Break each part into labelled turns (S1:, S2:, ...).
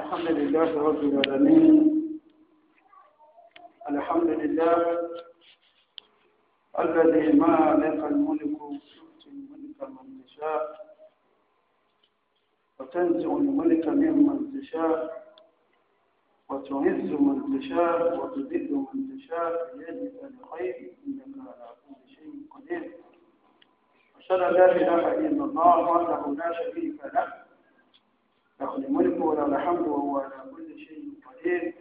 S1: الحمد لله رب العالمين الحمد لله الذي ما لك الملك تؤتي الملك من تشاء وتنزع الملك ممن تشاء وتعز من تشاء وتذل من تشاء بيدك الخير انك على كل شيء قدير اشهد ان لا اله الا الله وحده لا شريك له له الملك وله الحمد وهو على كل شيء قدير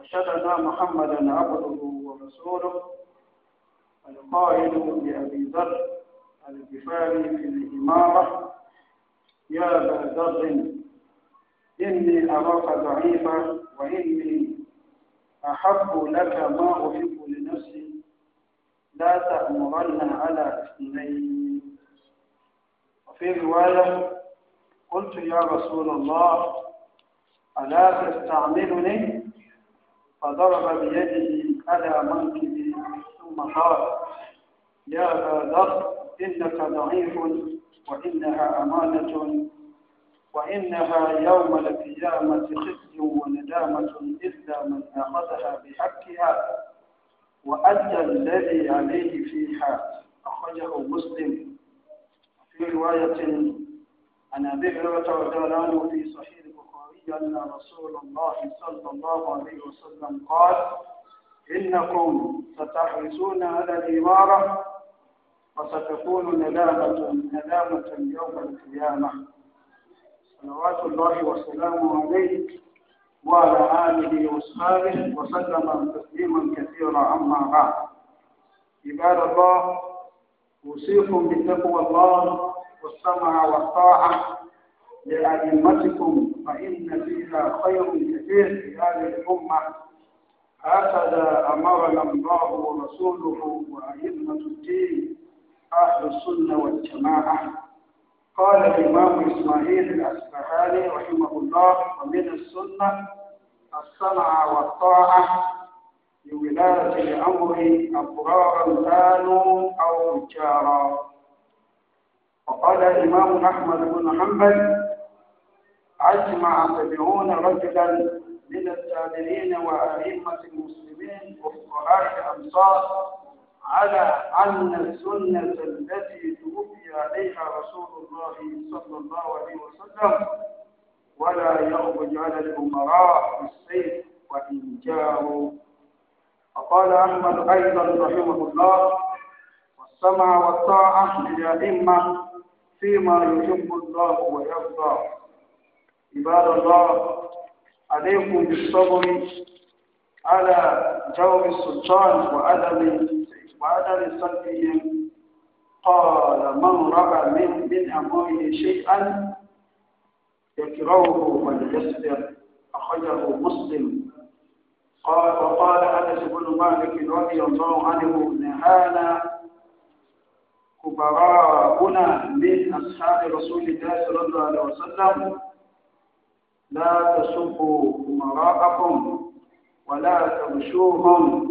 S1: أشهد أن محمدا عبده ورسوله القائل بأبي ذر الكفاية في الإمارة يا أبا ذر إني أراك ضعيفا وإني أحب لك ما أحب لنفسي لا تأمرن على اثنين وفي رواية قلت يا رسول الله ألا تستعملني فضرب بيده على منكبي ثم قال يا ذا ذر إنك ضعيف وإنها أمانة وإنها يوم القيامة خزي وندامة إلا من أخذها بحقها وأدى الذي عليه فيها أخرجه مسلم في رواية عن أبي هريرة رضي الله عنه في صحيح البخاري أن رسول الله صلى الله عليه وسلم قال إنكم ستحرصون على الإمارة وستكون ندامة ندامة يوم القيامة صلوات الله وسلامه عليه وعلى آله وأصحابه وسلم تسليما كثيرا عما بعد عباد الله أوصيكم بتقوى الله والسمع والطاعة لأئمتكم فإن فيها خير كثير في هذه الأمة هكذا أمرنا الله ورسوله وأئمة الدين أهل السنة والجماعة قال الإمام إسماعيل الأسبهاني رحمه الله ومن السنة السمع والطاعة لولاية الأمر أبرارا كانوا أو جارا وقال الإمام أحمد بن حنبل أجمع سبعون رجلا من التابعين وأئمة المسلمين وفقهاء الأمصار على أن السنة التي توفي عليها رسول الله صلى الله عليه وسلم ولا يخرج على الأمراء بالسيف وإن جاءوا وقال أحمد أيضا رحمه الله والسمع والطاعة للأئمة فيما يحب الله ويرضى عباد الله عليكم بالصبر على جواب السلطان وعدم وعدم صدقهم قال من رأى من من أمره شيئا يكرهه فليصبر أخرجه مسلم قال وقال أنس بن مالك رضي الله عنه نهانا كبراءنا من أصحاب رسول الله صلى الله عليه وسلم لا تسبوا أمراءكم ولا تمشوهم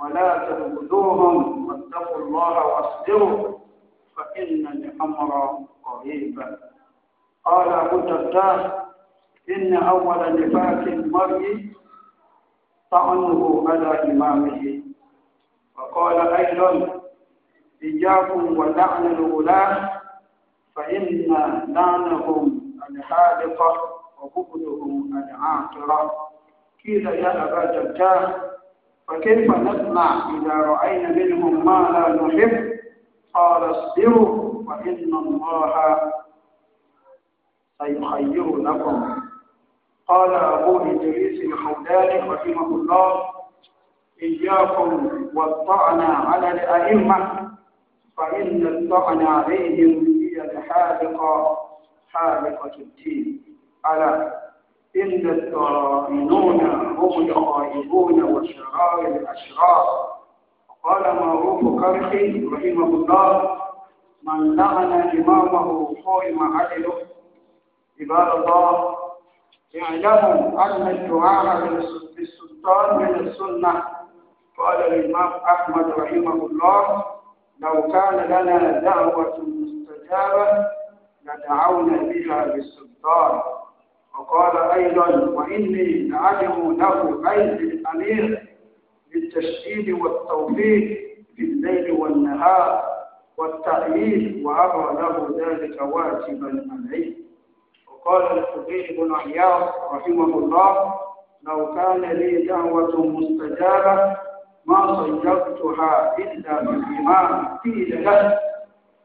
S1: ولا تبغضوهم واتقوا الله واصبروا فإن الأمر قريبا قال أبو الدرداء إن أول نفاق المرء طعنه على إمامه وقال أيضا إياكم ولعن الغلاة فإن لعنهم الحالقة وبغضهم العاقرة قيل يا أبا جداه فكيف نسمع إذا رأينا منهم ما لا نحب قال اصبروا فإن الله سيخير لكم قال أبو إدريس الحولاني رحمه الله إياكم والطعن على الأئمة فإن الطعن عليهم هي الحالقة حالقة الدين ألا إن الطائنون هم الغائبون وشرار الأشرار قال معروف كرخي رحمه الله من لعن إمامه قائم عدله عباد الله اعلموا أن الدعاء للسلطان من السنة قال الإمام أحمد رحمه الله لو كان لنا دعوة مستجابة لدعونا بها للسلطان وقال أيضا وإني لأعلم له بيت الأمير للتشديد والتوفيق في الليل والنهار والتأييد وأرى له ذلك واجبا عليه وقال الفقيه بن عياض رحمه الله لو كان لي دعوة مستجابة ما صيبتها إلا بالإمام في له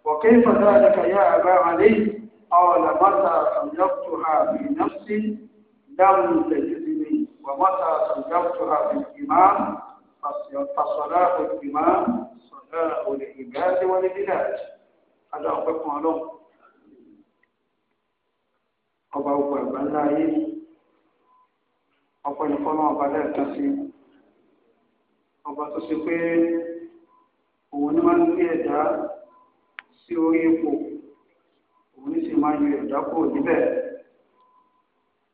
S1: وكيف ذلك يا أبا علي قال متى صيبتها بنفس لم تجدني ومتى صيبتها بالإمام فصلاة الإمام صلاة للعباد وللبلاد هذا أخبركم لهم ọba ogun àgbà ńlá ayé ọ̀pọ̀ ìfọ́nà ọba lẹ́ẹ̀kan sí i ọba tó ṣe pé òun ni máa ń gbé ẹ̀dá sí orí ipò òun ni sì máa ń yọ ẹ̀dá kúrò níbẹ̀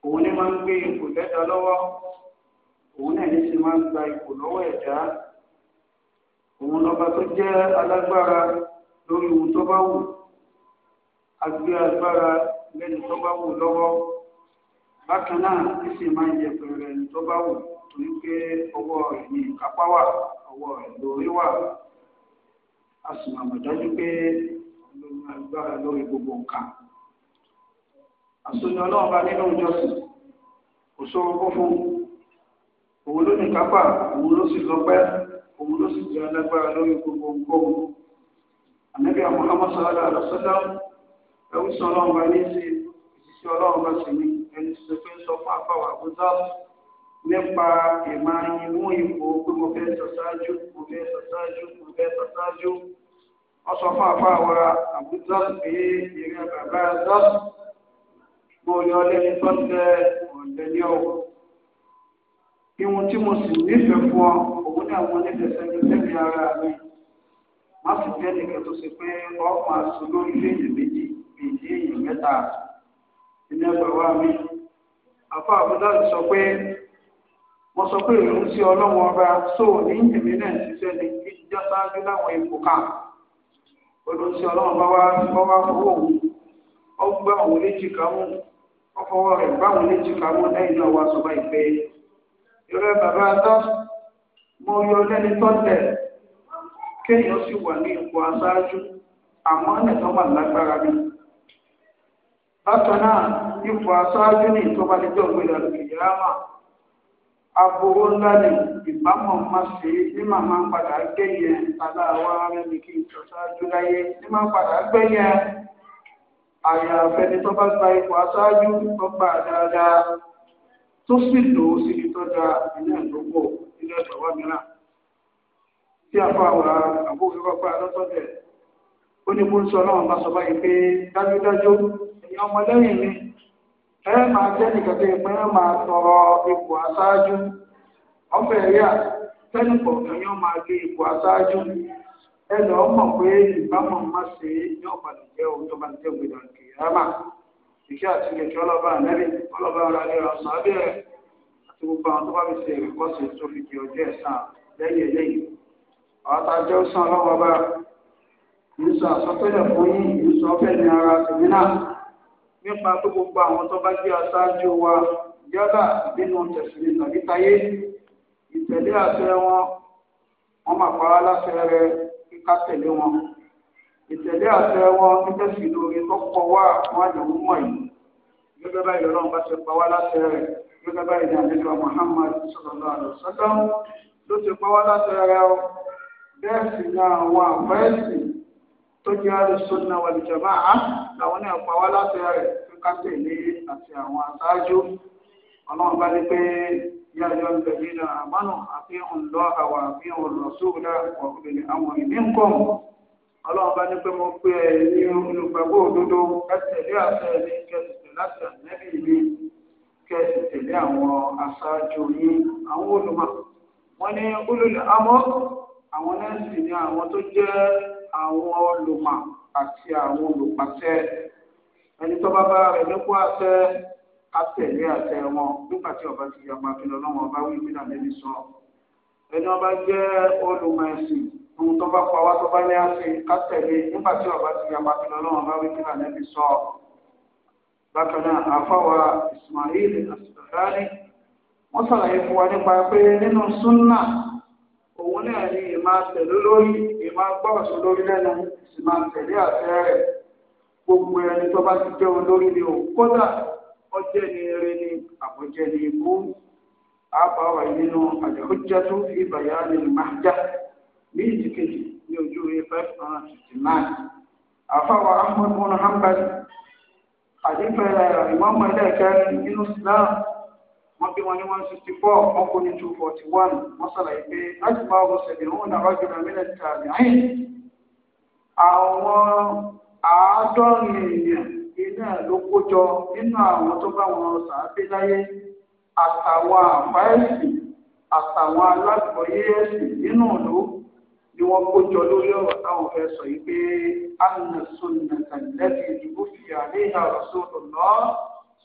S1: òun ni máa ń gbé ipò lẹ́dá lọ́wọ́ òun náà ní sì máa ń gba ipò lọ́wọ́ ẹ̀dá òun lọ́ba tó jẹ́ alágbára lórí ohun tó bá wù agbé agbára lẹ́nu tó bá wù lọ́wọ́ bákan náà ní sì máa ń yẹ pẹ̀lú ẹni tó bá wù. torí pé ọwọ́ rẹ̀ ní wà ọwọ́ rẹ̀ wà a sì máa pé ọlọ́run agbára gbogbo nǹkan. àsọyìn ọlọ́run bá nínú ìjọsìn kò sóró kó fún òun ló ní kápá òun ló sì lọ́pẹ́ òun ló sì jẹ́ alágbára lórí gbogbo nǹkan. ànábì ẹ̀wùsọ̀ ọlọ́run bá ní sí ìṣiṣẹ́ ọlọ́run bá sì ní ẹni tó sọ fún àpáwà nípa ìmọ̀ ìmú ipò pé mo fẹ́ sọ ṣáájú mo fẹ́ sọ ṣáájú mo fẹ́ sọ ṣáájú wọ́n sọ fún àfa àwa àbújá pé ìrìn bàbá ẹ̀dá mo yọ lẹ́ni tó ń tẹ ọ̀lẹ́ ní ọ̀wọ́. Ihun tí mo sì nífẹ̀ẹ́ fún ọ, òun ní àwọn onífẹ̀ẹ́ sẹ́ni sẹ́ni ara mi. Má sì jẹ́ nìkan tó ṣe pé ọkùnrin aṣọ lórí fèèyàn méjì méjì èèyàn mẹ́ta. Ilé wa mi. Àfa àbújá sọ pé mo sọ pé ìlú sí ọlọ́wọ́ ọba sóò ní ìdìmí náà ṣiṣẹ́ ní kí ìjọ sáájú láwọn ipò ká olùsí ọlọ́wọ́ bá wá bá wá fọwọ́ òun ó gbá òun léjì ká mú ó fọwọ́ rẹ̀ bá òun léjì ká mú náà wá sọ báyìí ìrẹ́ bàbá tó mo yọ lẹ́ni tó tẹ̀ kéèyàn sì wà ní ipò aṣáájú àmọ́ ẹ̀tọ́ wà lágbára mi bákan náà ipò aṣáájú ní ìtọ́balẹ́jọ́ ògbéra aburú ńlá ni ìbámọ̀ má ṣe ní màmá padà gbẹ̀yẹ aláwa rẹ̀ ní kí n tọ́ ṣáájú láyé ní má padà gbẹ̀yẹ àyà àfẹni tó bá gba ipò aṣáájú tó gbà dáadáa tó sì lò ó sí ìtọ́jà ilé ìdókò ilé ìtọ́wá mìíràn tí a fọ àwọn àbúrò pápá lọ́tọ̀dẹ̀ ó ní mo ń sọ ọlọ́run bá sọ báyìí pé dájúdájú ẹ̀yin ọmọlẹ́yìn mi ẹ máa jẹ́ nìkan tó tọrọ ipò aṣáájú ọ̀fẹ́ yà tẹ́lẹ̀ kọ̀ọ̀kan yóò máa gbé ipò aṣáájú ẹ lọ́ọ́ mọ̀ pé ìbámu má ṣe yóò padà jẹ́ òun tó bá ti jẹ́ gbèdà ìṣe àti àti gbogbo àwọn tó bá fi ṣe tó fi di eléyìí nípa tó gbogbo àwọn tó bá jẹ́ aṣáájú wa yálà nínú tẹ̀sílẹ̀ tàbí táyé ìtẹ̀lé àṣẹ wọn wọn máa pa á láṣẹ rẹ kíká tẹ̀lé wọn ìtẹ̀lé àṣẹ wọn nítẹ̀sí lórí tó pọ̀ wá àwọn mọ̀ yìí gẹ́gẹ́ báyìí lọ́rùn bá ṣe pa wá láṣẹ rẹ gẹ́gẹ́ báyìí ní àlejò Muhammad sallallahu alaihi wasallam ló ṣe pa wá láṣẹ rẹ bẹ́ẹ̀ sì ni àwọn àfẹ́sì tó jẹ́ alùsùnà wàlùjọ̀mọ́ à làwọn náà pa wá láti rẹ̀ tó ká tẹ̀lé àti àwọn aṣáájú ọlọ́run bá ní pé yá yọ ìgbẹ̀bí náà àmọ́nù àfihàn lọ àwọn àfihàn rọ̀ṣúlá ọ̀gbìn àwọn ìmíǹkọ̀m ọlọ́run bá ní pé mo pé ẹ ní olùgbàgbọ́ òdodo kẹtẹ̀lé àṣẹ ní kẹsìtì láti ànẹ́bí mi kẹsì tẹ̀lé àwọn aṣáájú yín àwọn olùmọ̀ wọ́n ní olùlẹ̀ amọ́ àwọn nẹ́ẹ̀sì ni àwọn tó jẹ́ àwọn olùmọ̀ àti àwọn olùpàṣẹ ẹni tó bá bá rẹ̀ nípò àṣẹ àtẹ̀lé àṣẹ wọn nígbà tí ọba ti yàgbà kí lọ́wọ́ ọba wí bí nàlẹ́bí sọ ẹni ọba jẹ́ olùmọ̀ ẹ̀sìn ohun tó bá pa wá tó bá ní àṣẹ kátẹ̀lé nígbà tí ọba ti yàgbà kí lọ́wọ́ ọba wí bí nàlẹ́bí sọ bákan náà àfáwà Ismail àṣìlẹ̀ dání wọ́n sàlàyé fún wa nípa pé nínú súnnà náà ni ìmá tẹ̀lú lórí ìmá gbọ́ọ̀sùn lórí lẹ́nu sì máa tẹ̀lé àṣẹ rẹ̀ gbogbo ẹni tó bá ti jẹ́ olórí ni o kódà ọjẹ́ ni eré ni àbọ̀jẹ́ ni ikú àbáwá nínú àdéhùjẹ́tù ìbàyà ni màjá ní ìdíkejì ní ojú rẹ̀ five hundred fifty nine àfàwà ahmed muhammed àdìpẹ́ ìmọ̀ọ́mọ́ ẹlẹ́ẹ̀kẹ́rin nínú islam wọ́n bí wọn ní one sixty four wọ́n kó ní two forty one wọ́n sàlàyé pé láti bá ọ̀rọ̀ sẹ̀lẹ̀ òun náà rọ́jò rẹ̀ mílẹ̀ tààmì àyìn àwọn àádọ́rin èèyàn iná ló kójọ nínú àwọn tó bá wọn sàábé láyé àtàwọn àfáẹ́sì àtàwọn alágbọ̀yé ẹ̀sìn nínú ìlú ni wọ́n kójọ lórí ọ̀rọ̀ táwọn fẹ́ sọ yìí pé anna sunnata lẹ́bi ìdìbò fìyà ní ìhà rasulullah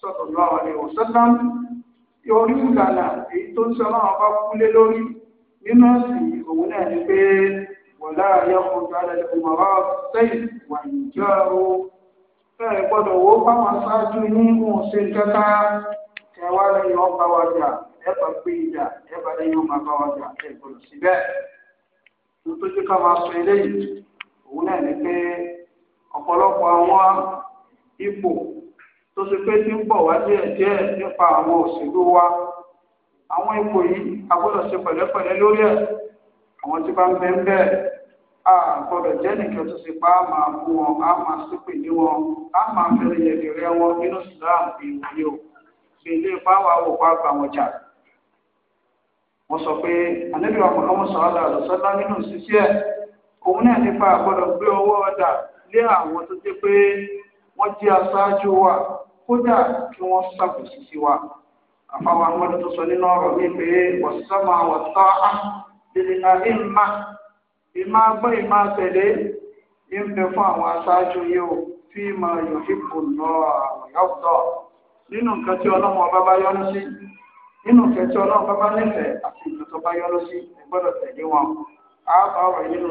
S1: sallallahu alaihi wasallam orí ìgbàlà èyí tó ń sọ náà bá kúlé lórí nínú ọ̀sìn òun náà ni pé wọ̀lá ayọ́kùnrin alẹ́ ìmọ̀ràn sẹ́yìn wà níjọ́ o fẹ́ẹ̀ gbọ́dọ̀ wo báwọn ṣáájú ní òun ṣe kẹta ẹwà lẹ́yìn ọba wa jà ẹ̀bà gbé ìjà ẹ̀bà lẹ́yìn ọba bá wa jà ẹ̀gbọ́dọ̀ síbẹ̀ nítorí ká máa sọ eléyìí òun náà ni pé ọ̀pọ̀lọpọ̀ àwọn ipò tó ṣe pé tí ń bọ̀ wá díẹ̀ díẹ̀ nípa àwọn òṣèlú wa àwọn ipò yìí a gbọ́dọ̀ ṣe pẹ̀lẹ́pẹ̀lẹ́ lórí ẹ̀ àwọn tí bá ń bẹ ń bẹ a gbọ́dọ̀ jẹ́ nìkan tó ṣe pa á máa bú wọn á máa ṣépè ní wọn á máa fẹ́rẹ̀ yẹ̀dẹ̀rẹ́ wọn nínú Islam ìwò o ṣe ilé ipá wa wò wọn jà wọ́n sọ pé ànábì wa Muhammad sallallahu alaihi wasallam nínú ṣíṣe òun náà nípa àgbọ́dọ̀ gbé ọwọ́ ọ̀dà lé àwọn tó jẹ́ pé wọ́n jẹ́ aṣáájú wa kódà kí wọ́n sí wa àfàwọn àwọn tó sọ nínú ọ̀rọ̀ mi pé wàsámà wàsá ìrìnà ìmá ìmá gbọ́ ìmá tẹ̀lé ń bẹ fún àwọn aṣáájú yìí fi máa yọ lọ àwọn yọ̀tọ̀ nínú nǹkan tí ọlọ́run ọba bá yọ́nú sí nínú nǹkan tí ọlọ́run bá bá nífẹ̀ẹ́ àti nǹkan tó bá yọ́nú sí ẹ tẹ̀lé wọn ọ̀rọ̀ nínú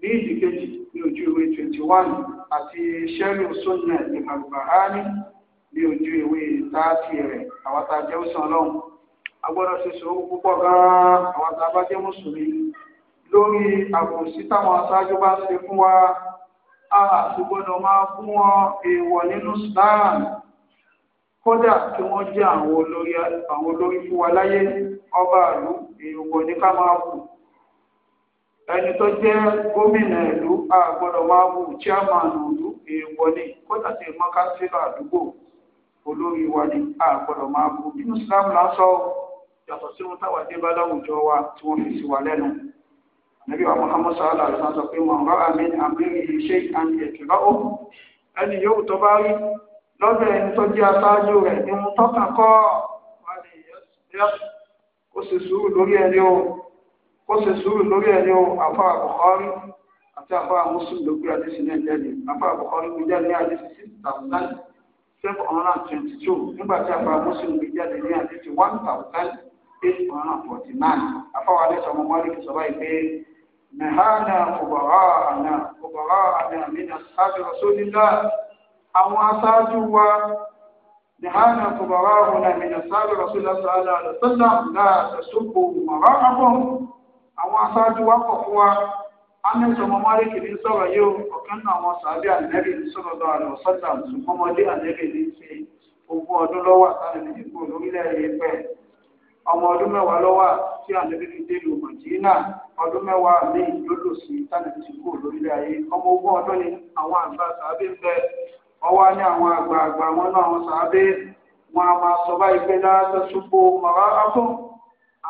S1: ní ìdíkejì ní ojú ìwé twenty one àti sẹ́rù sọ́nà ìmàlùbáhání ní ojú ìwé táàtì rẹ̀ àwọn tá a jẹ́ òsàn ọlọ́run agbọ́dọ̀ ṣe sòwò púpọ̀ gan-an àwọn tá a bá jẹ́ mùsùlùmí lórí àbòsí táwọn aṣáájú bá ṣe fún wa a sì gbọ́dọ̀ máa fún wọn èèwọ̀ nínú Islam kódà kí wọ́n jẹ́ àwọn olórí fún wa láyé ọba àlú èèwọ̀ ní ká máa kù ẹni tó jẹ́ gómìnà ìlú àgbọ̀dọ̀ máa wù chairman ìlú èèwọ̀ ni kódà sí mọ́ àdúgbò olórí wa ni àgbọ̀dọ̀ máa wù nínú islam lásán yàtọ̀ sí wọn táwa dé bá láwùjọ wa tí wọ́n fi sí wa lẹ́nu nàbí wa muhammad sallallahu alaihi wa sallam sọ pé wọn rọ àmì àmì ìṣe àmì ìtura ó ẹni yòówù tó bá rí lọ́dọ̀ ẹni tó jẹ́ aṣáájú rẹ̀ ni mo tọ́ka kọ́ wà ní yẹ́sì kó sì sùúrù lórí ẹni o ó ṣe sùúrù lórí ẹni o àfa àbùkọ́rí àti àfa àmúsùn ló gbé àdìsí náà jáde àfa àbùkọ́rí gbé jáde ní àdìsí six thousand seven hundred and twenty two nígbà tí àfa àmúsùn gbé jáde ní àdìsí one thousand eight hundred and forty nine àfa wa lẹ́sọ̀ ọmọ mọ́lì kì sọ́ba ìgbé mẹ́hánà kòbàrà àná kòbàrà àná min ashabi rasulillah àwọn aṣáájú wa نهانا كبراؤنا من أصحاب رسول الله صلى الله عليه وسلم لا تسبوا مراءهم àwọn aṣáájú wa kọ̀ fún wa amẹ́sọ̀ ọmọ márìkì ní sọ̀rọ̀ yóò ọ̀kan náà àwọn sàbí ànẹ́bì ní sọ̀rọ̀ lọ sọ́jà ọmọdé ànẹ́bì ní ṣe ogún ọdún lọ́wọ́ àtàlẹ́ ní ipò lórílẹ̀ èdè ọmọ ọdún mẹ́wàá lọ́wọ́ tí dé mọ̀jìnnà ọdún mẹ́wàá sí ti kú lórílẹ̀ ayé ọmọ ogún ọdún ni àwọn àgbà a máa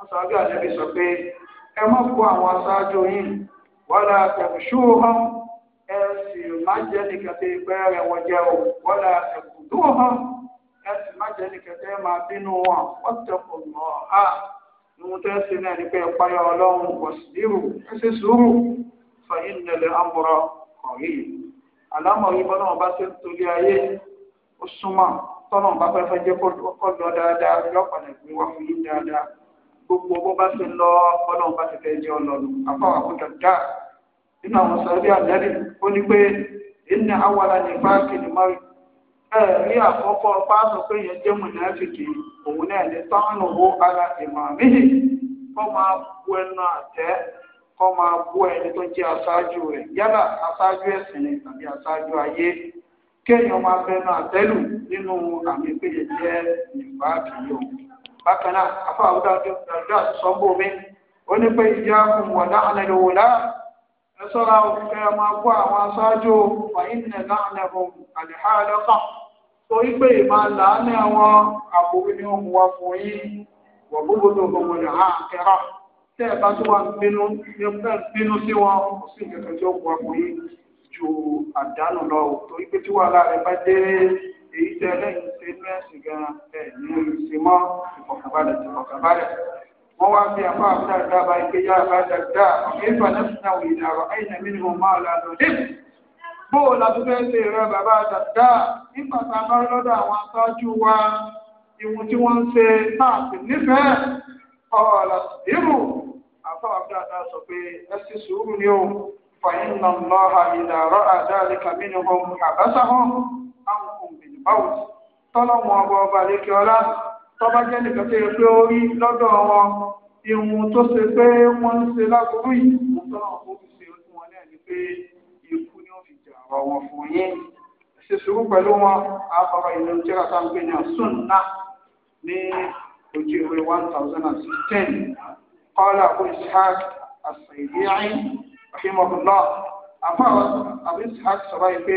S1: wọ́n sọ bí àlẹ́bí sọ pé ẹ má kó àwọn aṣáájú yín wọ́lá ẹ̀kúṣú hàn ẹ sì má jẹ́ nìkẹ́tẹ́ ìpẹ́ rẹ̀ wọ́n jẹ́ o wọ́lá ẹ̀kúdú hàn ẹ sì má jẹ́ nìkẹ́tẹ́ máa bínú wọn wọ́n tẹ̀kọ̀ mọ́ ha ìwọ̀n tẹ́ sí náà ní pé ìpayọ̀ ọlọ́run kò sí dírù ẹ sì sùúrù fàyín nílẹ̀ àmúrọ̀ kọ̀rí àlámọ̀ yìí bọ́lá wọn bá ti ń torí ayé ó súnmọ́ tọ́lọ́n bá fẹ́ fẹ́ jẹ́ kó lọ dáadáa lọ́pàá gbogbo bó bá ti lọ ọlọ́run bá ti fẹ́ jẹ́ ọlọ́run afáwọn àkójọ dáa nínú àwọn sọ̀rọ̀ ó ní pé awara ní báńkì ní mọ́rí rí àkọ́kọ́ pé yẹn jẹ́ òun náà ní owó ara ìmọ̀ kọ́ máa bu ẹnu àtẹ́ kọ́ máa bu ẹni tó jẹ́ aṣáájú rẹ̀ yálà aṣáájú ẹ̀sìn ni tàbí aṣáájú ayé kéèyàn máa bákan náà afọ àwùjọ àdúrà sọ́gbó mi ó ní pé ìyá fún wọ̀dá ànàlówó láà ẹ sọ́ra òkùnkẹ́ ọmọ akó àwọn aṣáájú fàyínà láàánà bò àlèhàlẹ́ kàn torí pé ìmáa làánà wọn àbúrò ni ó wa fún yín wọ̀ gbogbo tó gbogbo rẹ̀ hàn kẹ́rà tẹ́ ẹ̀ bá tó wà nínú nínú sí wọn kò sí ìkẹ́kẹ́ tí ó wa fún yín ju àdánù lọ torí pé tí wàhálà rẹ̀ bá dé èyí tẹ lẹ́yìn ṣe ní ẹ̀sìn gan ẹ̀ ní ìṣe mọ́ ìfọ̀kànbalẹ̀ ìfọ̀kànbalẹ̀. wọ́n wá bí apá àbúrò àdáàbá ike yá àbá dáadáa ọ̀gá ìfà lẹ́sìn náà wòye dàrọ̀ ẹ̀yìn ẹ̀mí ni mo máa la lọ dé. bó o làbí fẹ́ ṣe rẹ bàbá dáadáa nígbà tá a bá rí lọ́dọ̀ àwọn aṣáájú wa ìwọ̀n tí wọ́n ń ṣe náà sì nífẹ̀ẹ́ ọ̀ọ́lá ìrù àbá àbúrò àdáà sọ pé ẹ sì sùúrù ni ó fàyín nà ń lọ́ out tọ́lọ́wọ́n ọba ọba lékè ọlá tọ́ba jẹ́ nìkan tó yẹ pé ó rí lọ́dọ̀ wọn ìhun tó ṣe pé wọ́n ń ṣe lágbóró yìí mo tọ́lọ́wọ́n kó fi ṣe fún wọn náà ni pé ikú ni ó fi jà ọ̀wọ̀ fún yín ṣe sùúrù pẹ̀lú wọn àbọ̀rọ̀ ìlú jẹ́ra tá à ń gbé ní ọ̀sùn náà ní ojú ìwé one thousand and sixteen kọ́lá abu ishaq asèdíyàn rahimahullah àbọ̀ abu ishaq sọ̀rọ̀ yìí pé.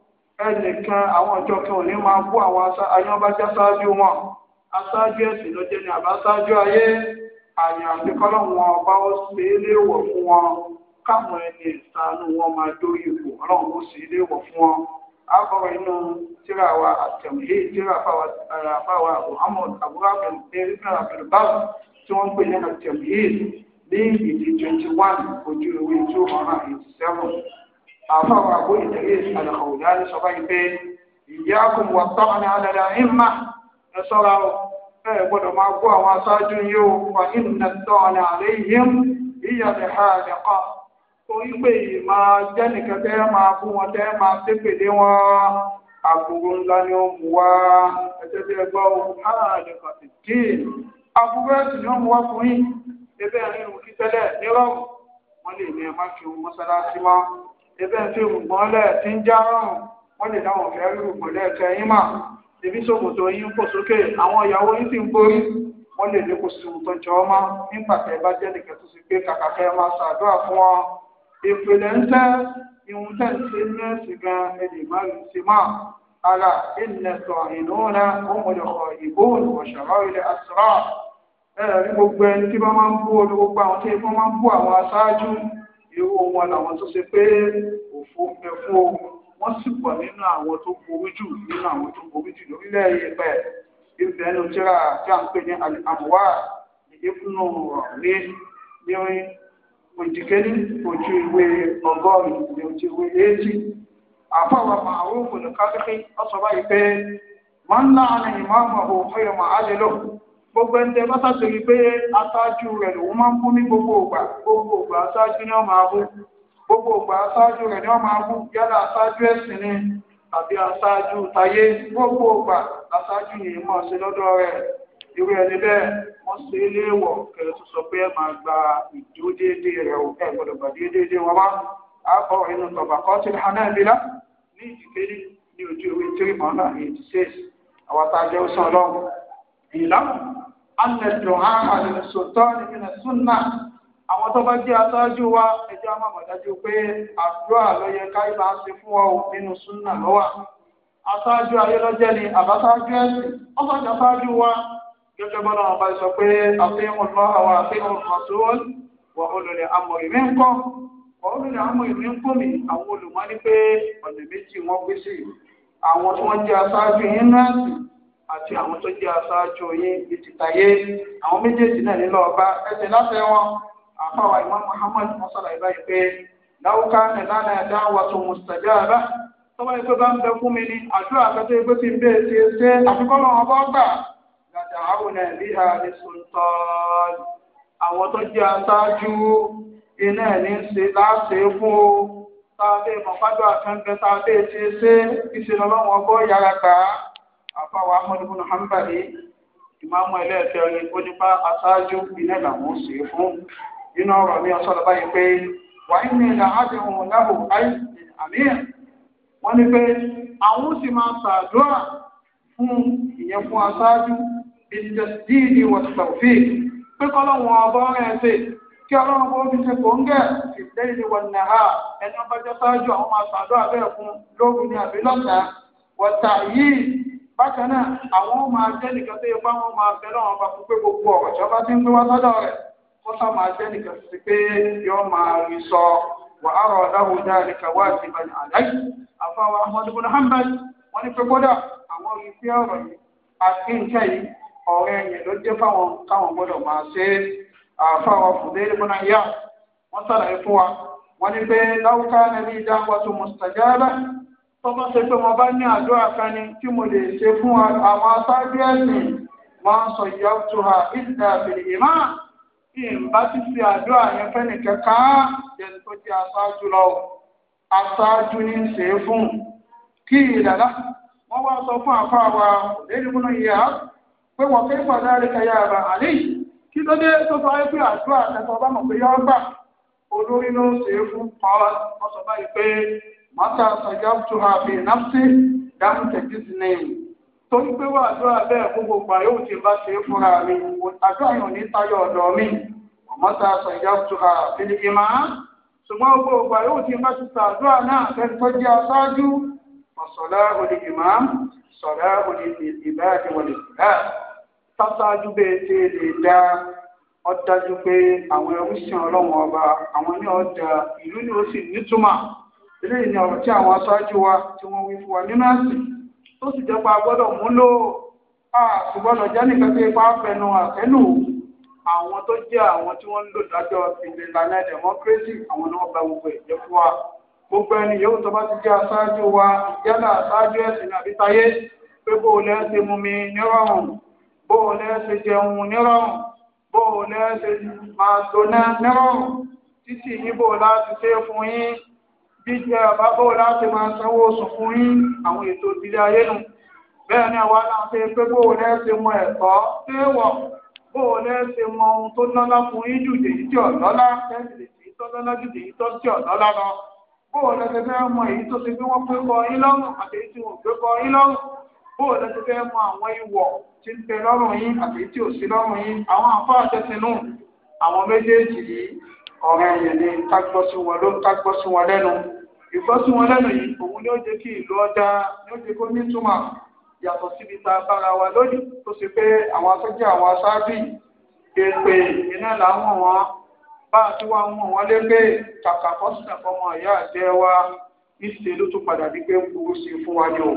S1: ẹnìkan àwọn ìjọ kan ò ní máa bú àwọn ayọ́nbájá ṣáájú wọn aṣáájú ẹ̀sìn ló jẹ́ ní àbá ṣáájú ayé àyàn àti kọ́lọ́wọ́n ọba ó ṣe é léèwọ̀ fún wọn káwọn ẹni ìsànú wọn máa dórí ipò ọlọ́run ó ṣe é léèwọ̀ fún wọn àbọ̀wọ̀ inú tíra wa àtẹ̀wé tíra àbáwa Muhammad abúrábẹ̀lú erikan abdulbab tí wọ́n ń pè ní àtẹ̀wé ní ìdí twenty one ojú ìwé two hundred and eighty seven àfàwọn àbó ìdílé àlàkàwòdà ní sọ báyìí pé ìyá kò wà tọ́wọ́n àdàdà ìmà ẹ sọ́ra o ẹ gbọ́dọ̀ máa gbọ́ àwọn aṣáájú yìí o wà ìnà tọ́wọ́n àlẹ́ yìí ìyàlẹ̀ ha àdẹ̀kọ́ torí pé ìmọ̀ jẹ́nìkan tẹ́ máa bú wọn tẹ́ máa tẹ́pẹ̀lé wọn àbúrò ńlá ni ó mú wá ẹ̀jẹ̀ tẹ́ gbọ́ ohun àdẹ̀kọ́ ti dín àbúrò ẹ̀sìn ni ó mú wá fún yín ẹgbẹ́ rírun kí tẹ́lẹ̀ nírọ̀rùn wọ́n lè ní ẹ má fi ohun mọ́sálásí mọ́ ẹgbẹ́ tí rùgbọ́n lẹ̀ tí ń já rọrùn wọ́n lè dáwọn fẹ́ rí rùgbọ́n lẹ̀ tẹ yín mà ibi sòkòtò yín ń fò sókè àwọn ìyàwó yín sì ń borí wọ́n lè lè kó sí ohun tó jọ ọ́ mọ́ nígbà tẹ́ bá jẹ́ nìkan tó sì pé kàkà kẹ́ máa ṣàdúrà fún wọn ìpìlẹ̀ ń tẹ́ ìhun tẹ́ ń ṣe ní gan ẹnì má sí mà ara ilẹ̀ sọ ìlú rẹ̀ ó mọ̀lẹ̀ kọ ilẹ̀ àṣírà irú wọn làwọn tó ṣe pé òfò ń bẹ fún o wọ́n sì pọ̀ nínú àwọn tó borí jù nínú àwọn tó borí jù lórílẹ̀ ìpẹ́ ìbẹ̀ ẹnu tíra tí a ń pè ní àmúwá ìdíkùnú ní ní òjìkẹ́lì ojú ìwé ọgọ́rin ní ojú ìwé èjì àfọwọ́ màrún òfò ní káfíńkì ọ̀sọ̀ báyìí pé wọ́n ń láàánú ìmọ̀ ọmọ òfin ìmọ̀ àdélò gbogbo ẹni tẹ bá sàṣèrí pé aṣáájú rẹ̀ lòun máa ń ní gbogbo ògbà gbogbo ògbà aṣáájú ni wọ́n máa gbogbo ògbà aṣáájú rẹ̀ ni yálà aṣáájú ẹ̀sìn ni aṣáájú tayé gbogbo ògbà aṣáájú yìí mọ̀ sí lọ́dọ̀ rẹ̀ irú ẹni bẹ́ẹ̀ gba ìdúró déédéé rẹ̀ ò ẹ gbọ́dọ̀ gbà déédéé wọn wá inú tọ̀bà ní ní ojú ewé àwọn alẹ́dùn àhàlẹ̀ sọ̀tọ́ nínú súnà àwọn tó bá jẹ́ aṣáájú wa ẹjọ́ máa mọ̀ dájú pé àdúrà lọ́yẹ káyọ̀ bá ń ṣe fún ọ nínú súnà lọ́wà aṣáájú ayé lọ́jẹ́ ni àbáṣáájú ẹ̀sìn ọ̀sán aṣáájú wa gẹ́gẹ́ bọ́lá ọba sọ pé àfihàn lọ́wọ́ àwọn àfihàn mọ̀tòwọ́n wọ olùrẹ̀ àmọ̀ ìmí ń kọ́ wọ olùrẹ̀ àmọ̀ ìmí ń mi àwọn olùmọ́ ní pé ọ̀nà méjì wọ́n gbé sí àwọn tí wọ́n jẹ́ aṣáájú yín àti àwọn tó jẹ́ aṣáájú yín bí ti tayé àwọn méjèèjì náà nílò ọba ẹsẹ̀ láṣẹ wọn àfàwà Imam Muhammad mọ́sálà ìbáyìí pé láwùká ní lánàá ẹ̀dá wà tó mustajaba tọ́wọ́ ẹgbẹ́ bá ń bẹ fún mi ní àdúrà àkẹ́tọ́ ẹgbẹ́ tí ń bẹ́ẹ̀ ti ṣe àfikọ́nà ọba ọgbà gàdà àwọn ẹ̀rí ha ní sultan àwọn tó jẹ́ aṣáájú iná ẹ̀ ní ṣe láṣẹ fún o tàbí mọ̀fádọ́ àkànbẹ tàbí ti ṣe ìṣẹ̀lọ́wọ́ ọgbọ́ yàrá kàá afáwa ahmed bin hanbali ìmáàmù ẹlẹ́ẹ̀kẹ́ ọyìn ó ní bá aṣáájú iná làwọn ṣe fún nínú ọ̀rọ̀ mi ọ̀sọ́lọ́ báyìí pé wàá ní ilà ádìhùn láhùn àìsí àmíyàn wọ́n ní pé àwọn sì máa ṣàdúrà fún ìyẹn fún aṣáájú ìtẹ̀síìdì wọ̀tàfíì pé kọ́lọ́wọ́n ọba ọ̀rẹ́ ẹ̀sẹ̀ kí ọlọ́run kó fi ṣe kòńgẹ́ ìdẹ́yìn ni wọ́n nà á ẹni ọba jẹ́ ṣáájú àwọn máa ṣàdúrà bẹ́ẹ̀ fún lóru ní àbí lọ́sàn-án wọ̀tà yìí bákan náà àwọn máa jẹ́ nìkan tó yẹ pé àwọn máa fẹ́ lọ́wọ́ bá fún pé gbogbo ọ̀rọ̀ tí wọ́n bá ti ń gbé wá sọ́dọ̀ rẹ̀ máa jẹ́ nìkan sí pé máa rí sọ wà á rọ̀ ọ̀dáwò ìbàdàn àdáyé àfáwà ní pé kódà àwọn ọ̀rọ̀ yìí àti nǹkan yìí ọ̀rẹ́ ló jẹ́ fáwọn tọ́mọ́ ṣe pé mo bá ní àdúrà kan ni tí mo lè ṣe fún àwọn aṣáájú ẹ̀sìn máa ń sọ ìyá tó ha ìdílé àbèrè ìmá bí n bá ti fi àdúrà yẹn fẹ́ni kẹ́kà jẹni tó jẹ́ aṣáájú lọ aṣáájú ní í ṣe é fún kí ìdàlá wọ́n wá sọ fún àfa wa lẹ́yìn múná ìyá pé wọ́n fẹ́ pàdánù kẹyà àbá àlè kí ló dé tó sọ pé àdúrà kẹsàn bá mọ̀ pé yọ gbà olórí ló ń ṣe é fún pàrọ̀ ọ̀sán báyìí pé mọ́tà sàgáàtù ha fi nàfsí dáhùn tẹ̀jísì nìyí. torí pé wà àdúrà bẹ́ẹ̀ gbogbo gbà yóò ti bá ṣe é fúnra mi àdúrà yóò ní tayọ ọ̀dọ̀ mi mọ́tà sàgáàtù ha fi lè má. ṣùgbọ́n gbogbo gbà yóò ti bá ti sàdúrà náà fẹ́ẹ́ tọ́jú aṣáájú ọ̀sọ̀lá òní ìmá sọ̀lá òní ìbáàdì wọlé ìlà sáṣáájú bẹ́ẹ̀ ṣe lè dá da dájú pé àwọn ẹrú sìn ọlọ́run ọba àwọn ní ọjà ìlú ni ó sì nítumọ̀ ilé ìní ọ̀rọ̀ tí àwọn aṣáájú wa tí wọ́n wí fún wa nínú àsìn tó sì jẹ́ gbọ́dọ̀ mú lò á jẹ́ nìkan tí ipa fẹnu àtẹ́lù àwọn tó jẹ́ àwọn tí wọ́n ń lò dájọ́ ìlànà democracy àwọn ni wọ́n gba gbogbo ìjẹ́ fún wa gbogbo ẹni yóò tó bá ti jẹ́ aṣáájú wa ìjẹ́lá aṣáájú ẹ̀sìn ní àbítáyé pé bó o lẹ́ ṣe mú mi nírọ̀rùn bó o lẹ́ ṣe jẹun nírọ̀rùn bó o lẹ́ ṣe máa lò nírọ̀rùn títí yín bó o láti ṣe fún yín jíjẹ àbábọ̀ láti máa sanwó oṣù fún yín àwọn ètò ìdílé ayé nù bẹ́ẹ̀ ni àwa náà pé bó o lẹ́ẹ̀ṣẹ̀ mọ ẹ̀kọ́ ṣé wọ̀ bó o lẹ́ẹ̀ṣẹ̀ mọ ohun tó lọ́lá fún yín jù dèyí tí ọ̀lọ́lá tẹ́sílẹ̀ sí tó lọ́lá jù dèyí tó tí ọ̀lọ́lá lọ bó o lẹ́ẹ̀ṣẹ̀ fẹ́ mọ èyí tó ṣe pé wọ́n pé kọ yín lọ́rùn àti èyí tí wọ́n gbé kọ yín lọ́rùn bó o lẹ́ẹ̀ṣẹ̀ fẹ́ mọ àwọn ìwọ̀ tí ń bẹ lọ́rùn yín àti èyí tí ò sí lọ́rùn yín ọ̀rẹ́ yẹn ni kágbọ́ sí wọn ló ń kágbọ́ sí wọn lẹ́nu ìgbọ́ sí wọn lẹ́nu yìí òun ni ó jẹ́ kí ìlú ọjà ni ó jẹ́ kó ní túmọ̀ yàtọ̀ síbi tá a bára wa lónìí tó ṣe pé àwọn asọ́jà àwọn aṣáájú èpè iná làwọn wọn bá a ti wá ń mọ̀ wọ́n lépè kàkà fọ́sùnà fọmọ ìyá àjẹ wa ìṣe ló tún padà di pé ń burú sí fún wa ni o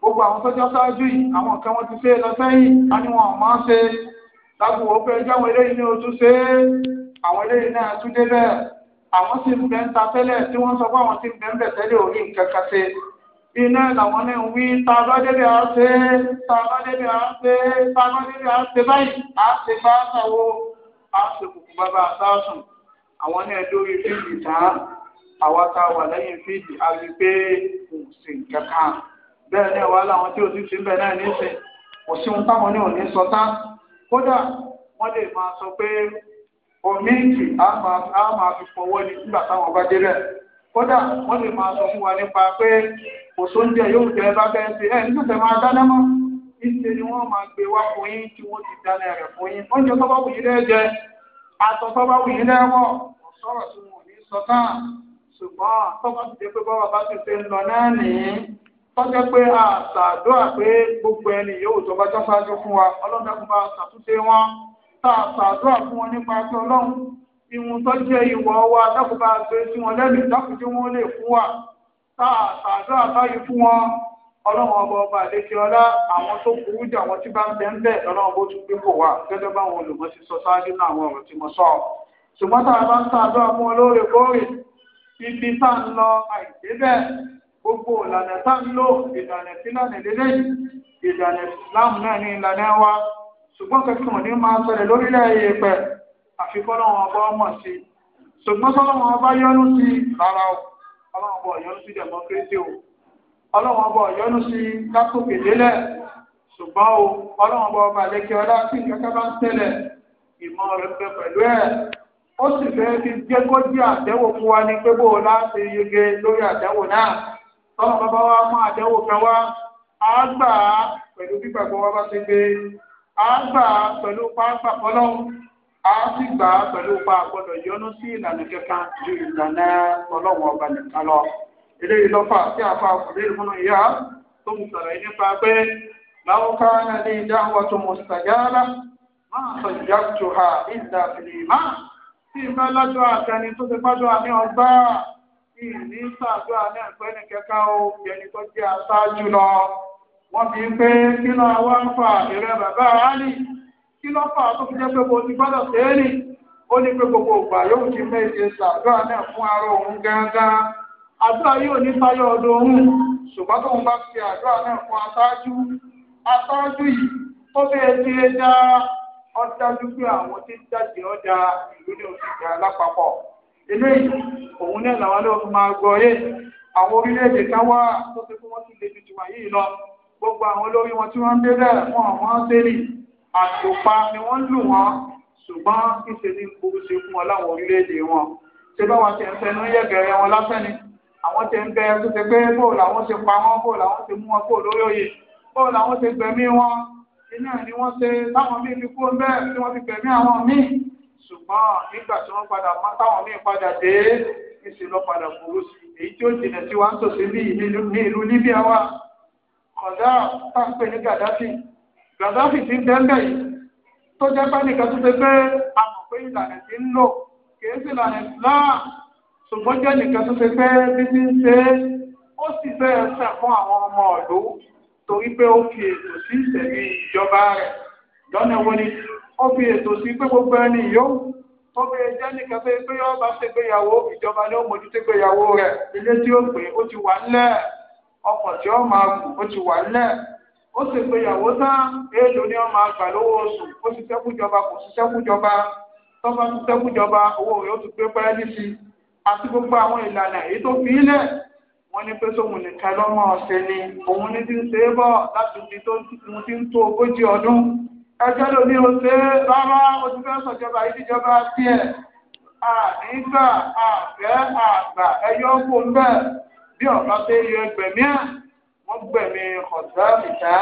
S1: gbogbo àwọn sọ́jà ṣáájú yìí àwọn nǹkan wọn ti ṣe lọ sẹ́yìn á ní wọn máa ṣe lágbo wọ́n pé ẹjọ́ àwọn eléyìí ní oṣù ṣe é àwọn eléyìí náà tún débẹ̀ àwọn sì ń bẹ ń ta tẹ́lẹ̀ tí wọ́n sọ pé àwọn sì ń bẹ ń bẹ̀ tẹ́lẹ̀ orí nǹkan kan ṣe iná làwọn náà ń wí tá a bá débẹ̀ á ṣe é tá a bá débẹ̀ á ṣe é tá a bá débẹ̀ á ṣe báyìí á ṣe bá ṣàwo á ṣe kùkù bàbá àtàsùn àwọn náà lórí fíìdì tán àwa tá wà lẹ́yìn fíìdì á rí pé kò sí nǹkan kan bẹ́ẹ̀ náà wà láwọn tí ò ti ṣe bẹ́ẹ̀ náà ní í kò sí ohun táwọn náà ní sọ tán kódà wọ́n lè máa sọ pé ọ̀míǹtì á máa fi fọwọ́ ni nígbà táwọn bá délẹ̀ kódà wọ́n lè máa sọ fún wa nípa pé kò yóò tẹ bá fẹ́ ṣe ẹ̀ nígbà máa dáná mọ́ ìṣe ni wọ́n máa gbé wá wọ́n ti dáná rẹ̀ oúnjẹ tó bá lẹ́jẹ tó bá lẹ́wọ̀ tọ́jọ́ pé a ṣàdúrà pé gbogbo ẹni yòówù tó bá jásáájú fún wa ọlọ́dà kó bá ṣàtúnṣe wọn tá a ṣàdúrà fún wọn nípa pé ọlọ́run ìwọ̀n tó jẹ́ ìwọ̀ wa dákúbà gbé sí wọn lẹ́nu dákújú wọn lè fún wa tá a ṣàdúrà báyìí fún wọn ọlọ́run ọba ọba àdékè ọlá àwọn tó burú jà wọn tí bá ń bẹ́ ń bẹ́ ọlọ́run bó tún gbé kò wá gẹ́gẹ́ báwọn olùmọ̀ ti sọ sáájú náà àwọn ọ̀rọ̀ tí mo sọ ṣùgbọ́n tá a bá ń ṣàdúrà fún wọn lóòrèkóòrè ibi tá a ń lọ àìdébẹ̀ gbogbo ìlànà tá ń lò ìlànà sílànà lélẹ́yìn ìlànà islam náà ní ìlànà wa ṣùgbọ́n kẹ́kọ̀ọ́ ní máa sọ̀rọ̀ lórílẹ̀ èyí pẹ̀ àfikún ọlọ́run ọba ọmọ sí i ṣùgbọ́n sọ́lọ́run ọba yọ́nú sí rárá o ọlọ́run ọba ọ̀yọ́nú sí democracy o ọlọ́run ọba ọ̀yọ́nú sí lákòókè délẹ̀ ṣùgbọ́n o ọlọ́run ọba ọba àlẹ́kẹ́ ọlá sí kẹ́kẹ́ bá ń tẹ̀lẹ̀ ìmọ̀ rẹ̀ pẹ̀ pẹ̀lú ẹ̀ ó sì fẹ́ fi jẹ́ jẹ́ àdẹ́wò fún wa ní pé bó o láti yege lórí àdẹ́wò náà tọ́nà bàbá wa mú àdéhùn kan wá á gbà á pẹ̀lú gbígbàgbọ́ wa bá ti gbé á gbà á pẹ̀lú pàápàá kọ́lọ́hún á sì gbà á pẹ̀lú pa àgbọ̀dọ̀ yọnu sí ìlànà kẹta ju ìlànà ọlọ́run ọba nìkan lọ. eléyìí lọ́fà tí a fa ọkùnrin ìfúnnu ìyá tó ń sọ̀rọ̀ yìí nípa pé láwùká náà ní ìdáhùn ọtún mùsàgáàlà máa sọ ìyá ìní sàdúrà náà pé ní kẹka o ẹni tó jẹ́ aṣáájú lọ wọ́n fi ń pé kí lọ wá ń fa ìrẹ bàbá ali kí lọ fà tó fi jẹ́ pé mo ti gbọ́dọ̀ sẹẹni ó ní pé gbogbo ògbà yóò ti méje sàdúrà náà fún ara òun gángan àdúrà yóò ní sáyọ ọdọ òun ṣùgbọ́n tóun bá fi àdúrà náà fún aṣáájú aṣáájú yìí tó bẹ́ẹ̀ ti dá ọdájú pé àwọn tí ń jáde ọjà ìlú ní oṣù kẹrin lápapọ̀ eléyìí òun náà làwọn lọ́wọ́ fún máa gbọ́ yé àwọn orílẹ̀-èdè kan wá tó ti fún wọn ti lè tuntun wáyé lọ gbogbo àwọn olórí wọn tí wọ́n ń débẹ̀ fún àwọn sẹ́lì àtòpa ni wọ́n lù wọ́n ṣùgbọ́n ìṣe ní burú ṣe fún wọn láwọn orílẹ̀-èdè wọn ṣé báwa ti ń fẹnu yẹ̀gẹ̀rẹ̀ wọn lásán ni àwọn ti ń bẹ tó ṣe pé bóò làwọn ṣe pa wọn bóò làwọn ṣe mú wọn kó lórí òye bóò làwọn ṣe gbẹ̀mí wọn iná ni wọ́n ṣe táwọn míì fi kú bẹ́ẹ̀ tí wọ́n fi gbẹ̀mí àwọn míì ṣùgbọ́n nígbà tí wọ́n padà má táwọn míì padà dé níṣẹ́ lọ padà burú sí èyí tí ó jìnà tí wọ́n ń tòṣe ní ìlú Libya wa kọ̀dá táǹpẹ̀ ní Gaddafi Gaddafi ti ń dẹ́ńbẹ̀ yìí tó jẹ́ pé nìkan tó ṣe pé a mọ̀ pé ìlànà ti ń lò kìí sí ìlànà Islam ṣùgbọ́n jẹ́ nìkan tó ṣe pé bí ti ń ṣe ó sì fẹ́ ẹsẹ̀ fún àwọn ọmọ ọ̀dọ́ torí pé ó fi ètò sí ìṣẹ̀lẹ̀ ìjọba rẹ̀ lọ́nà wo ó fi ètò sí pé gbogbo ẹni yóò tó bẹ jẹ́ nìkan pé pé yóò bá ṣègbéyàwó ìjọba ni ó mójútó gbéyàwó rẹ̀ ilé tí ó pè ó ti wà nílẹ̀ ọkọ̀ tí ó máa gùn ó ti wà nílẹ̀ ó sì gbéyàwó tán èèlò ni ó máa gbà lówó oṣù ó ti sẹ́kújọba kò sí sẹ́kújọba tó bá ti sẹ́kújọba owó rẹ̀ ó ti gbé pẹ́ẹ́lí sí i àti gbogbo àwọn ìlànà èyí tó fi ilẹ̀ wọ́n ní pé sóhun nìkan lọ́mọ ọ̀sẹ̀ ni òun ní ti ń ṣe é bọ̀ láti ibi tó ti ń tó ogójì ọdún ẹjọ́ ló ní o ṣe rárá o ti fẹ́ sọ̀jọba ìdíjọba tiẹ̀ ànígbà àfẹ́ àgbà ẹyọ kò ń bẹ̀ bí ọ̀gá ṣe yọ ẹgbẹ̀mí ẹ̀ wọ́n gbẹ̀mí ọ̀sẹ̀ ìta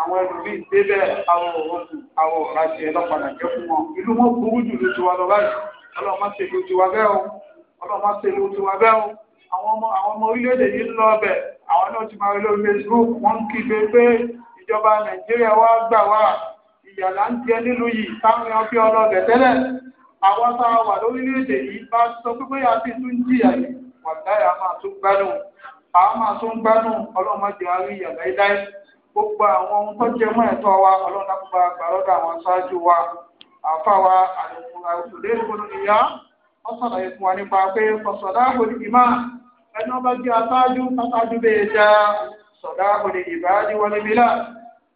S1: àwọn ẹlòmíì débẹ̀ àwọn òwòsù àwọn ọ̀rá tiẹ̀ lọ́padà jẹ́ fún wọn ìlú wọn burú jù ló ti wá lọ báyìí ọlọ́run má ṣe ló ti wá bẹ́ẹ̀ o ọlọ́run má ṣe ló ti wá bẹ́ẹ̀ o àwọn ọmọ àwọn ọmọ orílẹ̀-èdè yìí ń lọ ọbẹ̀ àwọn náà ti máa rí lórí Facebook wọ́n ń kí pé pé ìjọba Nàìjíríà wá gbà wá ìyà là ń jẹ nílùú yìí táwọn èèyàn bí ọlọ́ọ̀dẹ̀ tẹ́lẹ̀ àwọn tá a wà lórílẹ̀‐èdè yìí bá sọ pé bóyá a ti tún jìyà yìí wàláyà máa tún gbádùn àwọn máa tún gbádùn ọlọ́mọdé àárín ìyà láíláí gbogbo àwọn ohun tó jẹ mọ́ ẹ̀tọ́ wa ọlọ́dàkùnbà gbàlọ́dà àwọn aṣáájú wa àfa wa àlùfòlẹ́ ìgbónú ìyá wọ́n sọ̀rọ̀ ìfún wa nípa pé fọ̀sọ̀dá òní ìmá ẹni wọ́n bá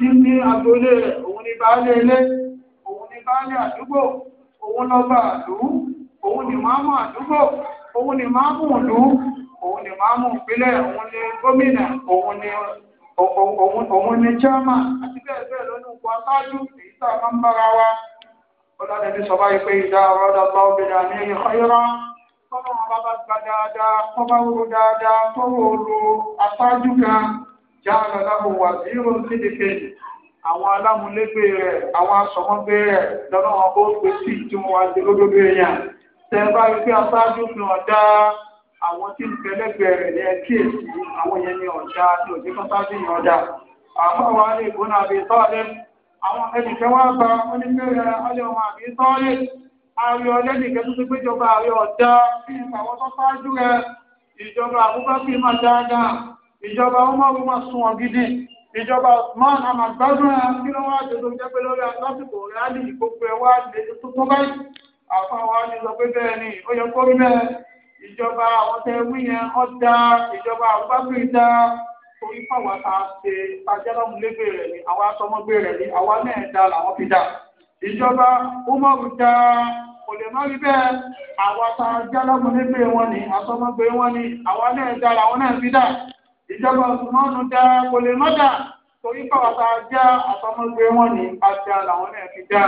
S1: tí ní agboolé rẹ̀ òun ni baálé ilé òun ni baálé àdúgbò òun lọ́ba àdú òun ni máàmù àdúgbò òun ni máàmù ìlú òun ni máàmù ìpínlẹ̀ òun ni gómìnà òun ni òun ni chama àti bẹ́ẹ̀ bẹ́ẹ̀ lọ́nà òkú aṣáájú èyí tá máa ń bára wa ọlọ́dẹ̀bí sọ báyìí pé ìdá ọ̀rọ̀dà bá obìnrin àmì ẹ̀yìn ọ̀yọ́rọ́ tọ́lọ́wọ́n bá bá gba dáadáa tọ́ bá dáadáa tọ́wọ́ olú aṣáájú kan jáàlá láhùn wà sí irun sídìkè àwọn alámúlégbé rẹ̀ àwọn asọ̀mọ́gbé rẹ̀ lọ́nà wọn bó sí tí wọ́n wá sí lódodo èèyàn tẹ́ bá rí pé aṣáájú fi hàn dá àwọn tí ń tẹ́lẹ̀gbẹ̀ rẹ̀ ní ẹkí èsì àwọn yẹn ní ọ̀dá òjì kan sáájú ọ̀dá alẹ́ àwọn ẹnìkẹ́ wá gba onífẹ́rẹ́ alẹ́ ọmọ àbí tó ti ọ̀dá àwọn tó ìjọba ọmọrùn máa sún ọ gidi ìjọba Usman amagbádùn ẹ kí ló wá jòdò jẹ pé lórí lásìkò rálì gbogbo ẹ wá lè tuntun báyìí àfáwọn wa ni sọ pé bẹ́ẹ̀ ni ó yẹ kó rí bẹ́ẹ̀ ìjọba àwọn tẹ wí yẹn ọ da ìjọba àbúgbàgbé da orí fáwọn ta ṣe ajẹlọmúlégbè rẹ ni àwa sọmọgbè rẹ ni àwa náà da làwọn fi da ìjọba umaru da kò lè má rí bẹ́ẹ̀ àwa ta ajẹlọmúlégbè wọn ni àsọmọgbè wọn ni àwa náà da làwọn náà fi da ìjọba ọ̀sùnmọ́nù dá kò lè má dà torí pàwọ́tà já àtọmọ́gbé wọn ní àjà làwọn náà fi dá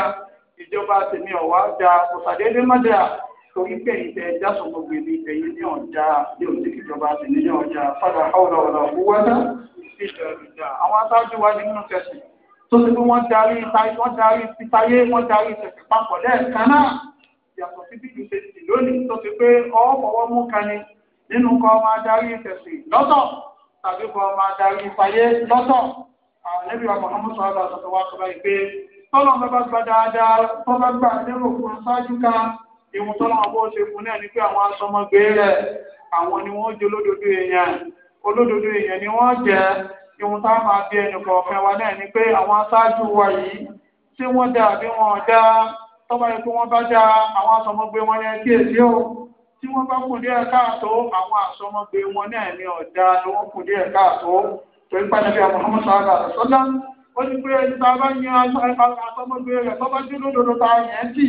S1: ìjọba tèmi ọ̀wá dá kò sàdédé má dà torí pé ìtẹ̀ ẹja sọ gbogbo ìlú ìtẹ̀ yìí ní ọ̀já ní òsì ìjọba tèmi ní ọ̀já padà ọ̀rọ̀ ọ̀rọ̀ òwúwá dá ìjọ ìjà àwọn aṣáájú wa ní nínú tẹ̀sán tó ti pé wọ́n darí wọ́n darí titayé wọ́n darí tẹ̀sán papọ̀ lẹ́ẹ̀kan náà yàtọ̀ sí bí ni nínú kan máa darí tẹ̀sán lọ́tọ̀ tàbí kọ́ máa darí ìfàyè lọ́tọ̀ àwọn ẹlẹ́bí wa kọ̀ọ̀kan mọ́tò àgbà sọ̀tọ̀ wa sọ̀rọ̀ ìpè tọ́lọ̀ bá gba dáadáa tó bá gbà lérò fún ṣáájú ká ìwọ̀n tọ́lọ̀ àwọn ṣe fún náà ní pé àwọn asọmọgbé rẹ̀ àwọn ni wọ́n jẹ́ olódodo èèyàn olódodo èèyàn ni wọ́n jẹ́ ìwọ̀n tá a máa bí ẹnì kọ̀ọ̀kan wa náà ni pé àwọn aṣáájú wa yìí tí wọ́n dà bí wọ́n dá tọ́ba yẹn pé wọ́n bá dá àwọn asọmọgbé wọn yẹn kíyèsí o tí wọ́n bá kù díẹ̀ káàtó àwọn àsọmọgbé wọn náà ní ọ̀dà ni wọ́n kù díẹ̀ káàtó torí pàdébí àmọ́hámọ́ sáárà sọ́dá ó ní pé ẹni tá a bá yan àsọmọgbé rẹ̀ tó bá dúró lòdò tá a yẹn tì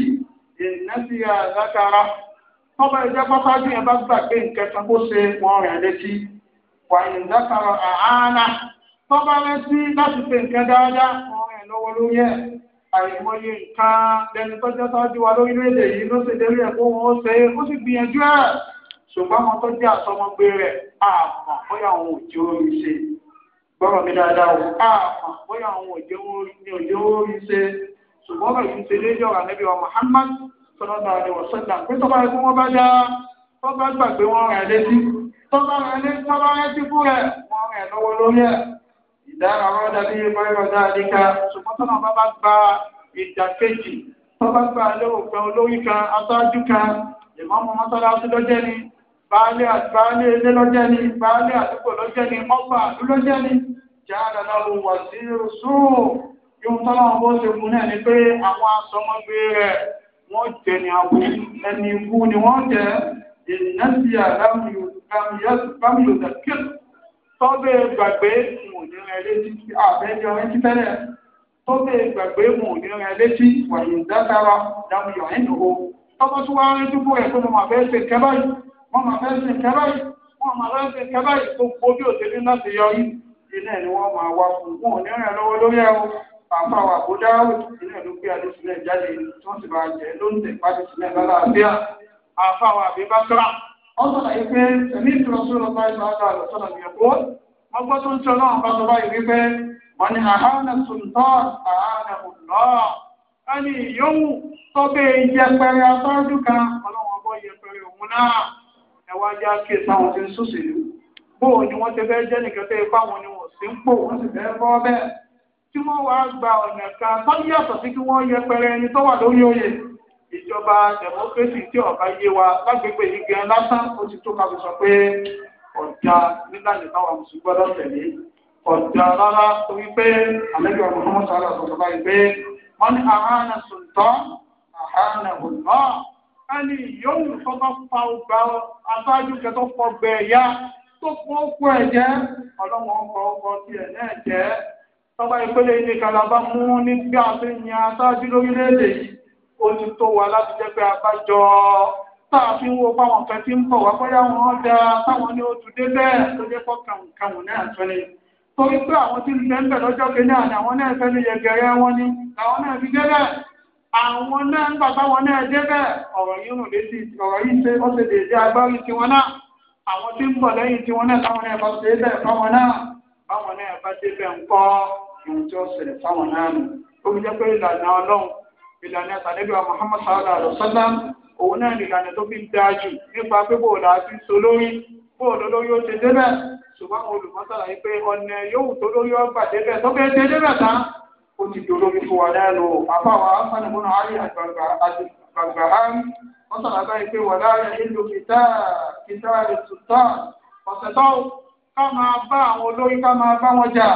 S1: ìrìnà sí àdákara tọ́ba ìjẹ́ pátá bí ẹ bá gbàgbé nǹkan kan kó ṣe wọn rẹ̀ létí wà ìdákara àhánà tọ́ba rẹ̀ sí láti pè nǹkan dáadáa wọn rẹ̀ lọ́wọ́ lórí ẹ̀ àìmọye nǹkan lẹni tó jẹ́ sáájú wa lórílẹ̀-èdè yìí ló ṣe dérí ẹ̀ kó wọn ó ṣe é ó sì gbìyànjú ẹ̀ ṣùgbọ́n àwọn tó jẹ́ àtọmọgbé rẹ̀ àmọ́ bóyá àwọn òjò orí ṣe gbọ́rọ̀ mi dáadáa o àmọ́ bóyá àwọn òjò orí ṣe ṣùgbọ́n bẹ̀rẹ̀ ń ṣe léjọ́ rà níbi wa Muhammad sọlọ́dà ni wọ́n sọ́dà pé tọ́ba ẹ̀kú wọn bá dá tọ́ba gbàgbé wọn rẹ̀ létí tọ́ba rẹ̀ létí tọ́ba rẹ̀ ìdá àwọn ọ̀dàbí ìpọ́nrọ̀ dáadéka ṣùgbọ́n tọ́nà bá bá gba ìdàkejì tó bá gba lóòpẹ́ olórí kan aṣáájú kan ìmọ̀mù mọ́sálásí ni baálé baálé ilé lọ́jẹ́ ni baálé àdúgbò lọ́jẹ́ ni ọgbà àdú lọ́jẹ́ ni jáde lọ́wọ́ wà sí ṣú yóò tọ́nà bó ṣe fún náà ni pé àwọn asọmọgbé rẹ̀ wọ́n jẹ ní àwọ̀ ẹni ikú ni wọ́n jẹ ìnẹ́sì àdámiyọ̀ tọ́bẹ̀ gbàgbé mò ní rẹ létí àbẹ́jọ ti tẹ́lẹ̀ tọ́bẹ̀ gbàgbé mò ní rẹ létí wàyí dákàrà dámúyọ̀ ẹ̀nìwó tọ́bọ̀ tí wàá rí dúpọ̀ ẹ̀ pé mo máa fẹ́ ṣe kẹ́báyì wọ́n máa fẹ́ ṣe kẹ́báyì wọ́n máa fẹ́ ṣe kẹ́báyì gbogbo bí òṣèlú náà ti yọrí ilé ni wọ́n máa wá fún wọn ò ní rẹ lọ́wọ́ lórí ẹ̀ àfa wà kó dáwò ilé ìlú pé adé sílẹ̀ jáde tí wọ́n sì bá jẹ́ lóńtẹ̀ pàdé sílẹ̀ lọ́la àbíà àfa wà àbí ọ̀sán ìpé ẹ̀mí ìtúrọ̀sọ́ lọ́pàá ìlú àgbà àlọ́sọ́nà ìyẹ̀kọ́ ọgbọ́n tó ń sọ náà bá sọ báyìí wípé wọ́n ní àhánà sùntọ́ àhánà òlọ́ ẹni ìyóhùn tọ́bẹ̀ yẹpẹrẹ aṣáájú kan ọlọ́run ọgbọ́n yẹpẹrẹ òun náà ẹwà jẹ́ kí sáwọn ti ń súnṣèlú bóò ni wọ́n ti fẹ́ jẹ́ nìkan tẹ́ ipá wọn ni wọ́n sì ń ìjọba democracy tí ọba yé wa lágbègbè yìí gan lásán ó ti tó ká fi sọ pé ọjà nílànà táwọn mùsùlùmí gbọ́dọ̀ tẹ̀lé ọjà rárá torí pé àlejò ọmọ ọmọ sáré ọsọsọ báyìí pé wọn ní àhánà sùntọ àhánà ònà ẹni yòówù tó bá fa ọgbà aṣáájú kẹtọ fọgbẹ ẹyà tó fọ ọkọ ẹjẹ ọlọ́wọ́n ọkọ ọkọ tiẹ̀ náà jẹ́ tọ́ba ìpele ilé kalaba mú ní bí a aṣáájú lórílẹ̀ yìí ó ti tó wa láti jẹ́ pé abájọ táà fi ń wo báwọn kan ti ń bọ̀ wá bóyá wọn da táwọn ní oṣù dé bẹ́ẹ̀ tó jẹ́ pọ́ kàwùnkàwùn náà tó ni torí pé àwọn tí ń bẹ ń bẹ lọ́jọ́ kejì àná àwọn náà fẹ́ ní yẹgẹrẹ wọn ni àwọn náà fi dé bẹ́ẹ̀ àwọn náà ń bàbá wọn náà dé bẹ́ẹ̀ ọ̀rọ̀ yìí rùn létí ọ̀rọ̀ yìí ṣe ó ṣe dèédé agbárí tiwọn náà àwọn tí ń bọ̀ lẹ́yìn tiwọn náà táwọn náà bá ṣe bẹ́ẹ̀ fáwọn náà báwọn náà bá dé bẹ́ẹ̀ ń kọ́ ohun tí ó ṣẹlẹ̀ fáwọn náà nù ó fi jẹ́ pé ìlànà ọlọ́run ìlànà sàlẹ́dùn Muhammad sallallahu alaihi wasallam òun náà ìlànà tó fi ń dáa jù nípa pé bò láti so lórí bò lólórí ó ṣe débẹ̀ ṣùgbọ́n àwọn olùmọ́sára yìí pé ọ̀nà yòówù tó lórí ọgbà débẹ̀ tó bẹ́ẹ̀ ṣe débẹ̀ tán ó ti dolórí fún wa náà lò àfàwà fánimúnà àárín àgbàgbà árí wọ́n sọ̀rọ̀ abáyé pé wà láàrin ìlú kìtà kìtà ètùtà ọ̀sẹ̀ tó ká máa bá àwọn olórí ká máa bá wọn jà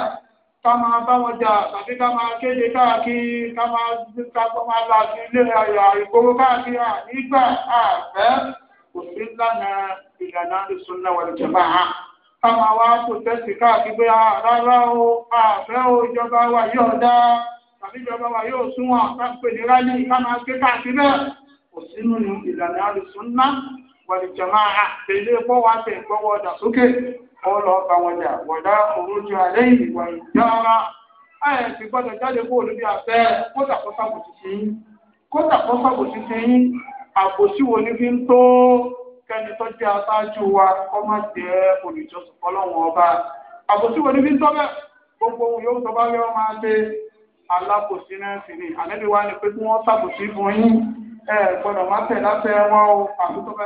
S1: ká máa bá wọn jà tàbí ká máa kéde káàkiri ká máa ká máa la sí ilé ayọ̀ ìgboro káàkiri nígbà àfẹ́ kò sí lánà ìlànà ìsúná wal jama'a ká máa wá kò tẹ́sí káàkiri pé rárá o àfẹ́ o ìjọba wa yóò dá tàbí ìjọba wa yóò súnwọ̀n ká pè ní rálí ká máa ké káàkiri bẹ́ẹ̀ kò sínú ìlànà ìsúná wal jama'a pẹ̀lú ẹ̀kọ́ wa tẹ̀ gbọ́wọ́ dà sókè wọ́n lọ bá wọn jà wọ̀dá òrójú alẹ́ ìwà ìdára ẹ̀ ti gbọ́dọ̀ jáde kó olóbi àfẹ́ kótàkọ́sà kò sì sí kótàkọ́sà kò sì sí àbòsí wo ni fi ń tó kẹ́ni tó jẹ́ aṣáájú wa kọ́ má jẹ́ olùjọsìn fọlọ́wọ́n ọba àbòsí wo ni fi ń tọ́ bẹ́ẹ̀ gbogbo ohun yóò tó bá rí ọ máa ṣe alákòsí náà sì ni ànábì wa ni pé kí wọ́n ṣàbòsí fún yín ẹ gbọ́dọ̀ má tẹ̀ láṣẹ wọn o àbúkọ́ bá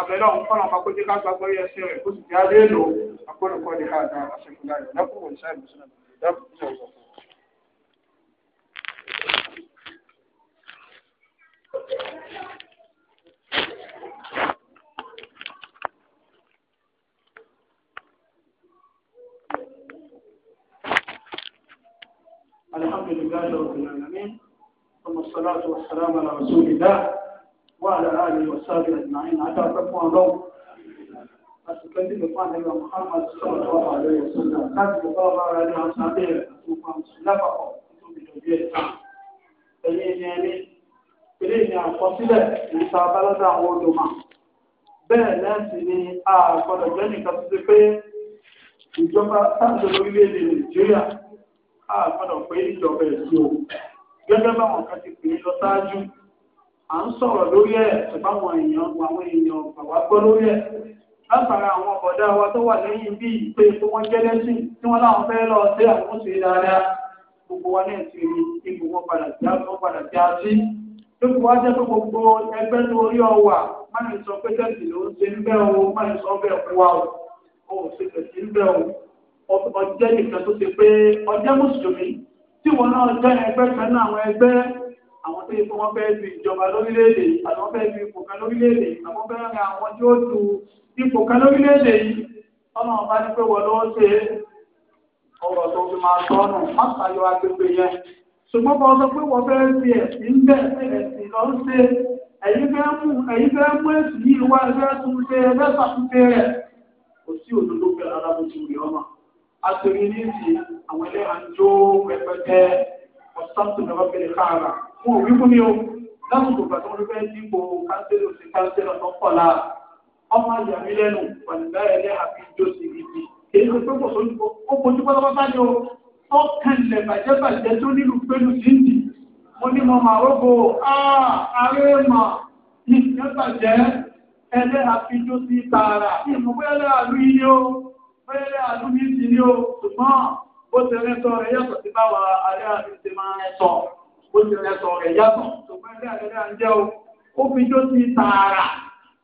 S1: abẹ́lẹ́ ọ̀hún kọ́nà ọ̀pá kójú ká gbàgbọ́ yẹ ẹsẹ̀ rẹ̀ kó sì já lé lò akólókọ́ ní ká àgbà àṣekúlá rẹ̀ lẹ́kùnwó ìṣá ìbùsùn náà lẹ́kùnwó ìṣá الحمد لله رب العالمين ثم الصلاة والسلام على رسول الله وعلى آله وصحبه أجمعين عدا الله أتكلم عن محمد صلى الله عليه وسلم كان الله عليه وصحبه أتوقع مسلفه Eléyìn àkọsílẹ̀ ìta abáládà àwọn olùmọ̀. Bẹ́ẹ̀ lẹ́sìn ni a gbọ́dọ̀ jẹ́ nìkan tó ti pé ìjọba sáàjọ lórílẹ̀-èdè Nàìjíríà a gbọ́dọ̀ pé ìjọba pè é lọ sáájú à ń sọ̀rọ̀ lórí ẹ̀ ṣùgbọ́n àwọn èèyàn àwọn èèyàn bàbá gbọ́ lórí ẹ̀ látara àwọn ọ̀dà wa tó wà lẹ́yìn bí ìpè tó wọ́n jẹ́ lẹ́sìn tí wọ́n láwọn fẹ́ lọ sí gbogbo wa náà ti rí ipò wọn padà já wọn padà já sí lókè wá jẹ́ sọ pé tẹ̀sí ló ń ṣe sọ bẹ́ẹ̀ fún o ò ṣe tẹ̀sí àwọn tó yẹ kí wọ́n fẹ́ẹ́ fi ìjọba lórílẹ̀‐èdè yìí àwọn fẹ́ẹ́ fi ipò kan lórílẹ̀‐èdè yìí àwọn fẹ́ẹ́ ra àwọn tí ó tu ipò kan lórílẹ̀‐èdè yìí tọ́nà ọba ní pé wọ́n lọ́wọ́ ṣe ọ̀rọ̀ tó fi máa tọ́nù má tayọ agbègbè yẹn ṣùgbọ́n bá sọ pé wọ́n fẹ́ẹ́ fi ẹ̀sìn bẹ́ẹ̀ ẹ̀sìn lọ ṣe ẹ̀yin fẹ́ẹ́ mú ẹ̀sìn yìí wá ẹgbẹ́ tún ṣe ẹgbẹ́ ṣàtúnṣe rẹ̀ kò sí òdodo pẹ̀lú alábòjú rẹ̀ ọmọ àtòrí ní ìsìn àwọn ẹlẹ́hàn jó pẹpẹtẹ ọ̀sán tó lọ́wọ́ kẹlẹ́ káàrà mo ò wí fún mi o lásìkò ìgbà tó ń fẹ́ dípò kánsẹ́lò sí kánsẹ́lò tó pọ̀ la ọmọ àyà mi lẹ́nu pàdùbá ẹ̀ lẹ́ àfi jó sí ibi èyí ló pé sójú kó ó kojú pátápátá ni o ó kànlẹ̀ bàjẹ́bàjẹ́ tó nílùú pẹ̀lú síndì mo ní mo máa rògbò ààrẹ mà ní ìjẹ́bàjẹ́ ẹlẹ́ àfi jó sí tààrà ìmọ̀ bóyá lẹ́ àlú ó ti rẹ sọ rẹ yàtọ̀ ṣùgbọ́n ẹgbẹ́ àdẹ́dẹ́ à ń jẹ́ o ó fi jó sí tààrà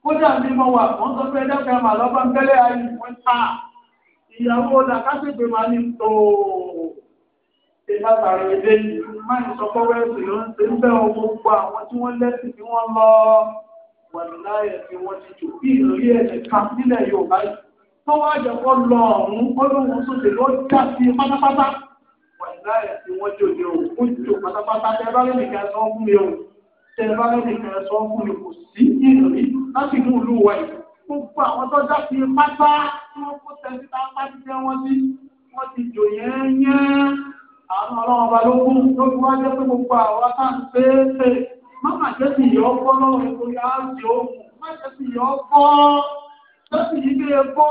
S1: kódà mi mọ wà wọ́n sọ pé ẹjọ́ kẹrin màá lọ́gbọ́n tẹ́lẹ̀ ayé wọ́n ta ìyàwó làkàtúntò máa ní tó ṣe látàrí ilé yìí sọ pé wẹ́ẹ̀sì ló ń ṣe ń bẹ́ ọ gbogbo àwọn tí wọ́n lẹ́sìn tí wọ́n lọ wàlúùláyẹ̀ tí wọ́n ti jò bí ìrírí ẹ̀jẹ̀ kan nílẹ̀ Yorùbá yìí tó wá jẹ́ lọ ọ̀hún ó lóun sóde ló dá sí pátápátá láyà tí wọ́n jò ní òun fún ìjò pátápátá tẹ bá lẹ́nu kan sọ fún mi òun tẹ bá lẹ́nu kan sọ fún mi kò sí ìrìn láti mú ìlú wa yìí gbogbo àwọn tó dá sí pátá tí wọ́n kó tẹ̀sí tá pátí tẹ́ wọ́n sí wọ́n ti jò yẹn yẹn àwọn ọlọ́run ọba ló kún ló fi wá jẹ́ pé gbogbo àwọn tá à ń jẹ́ sì yọ lọ́wọ́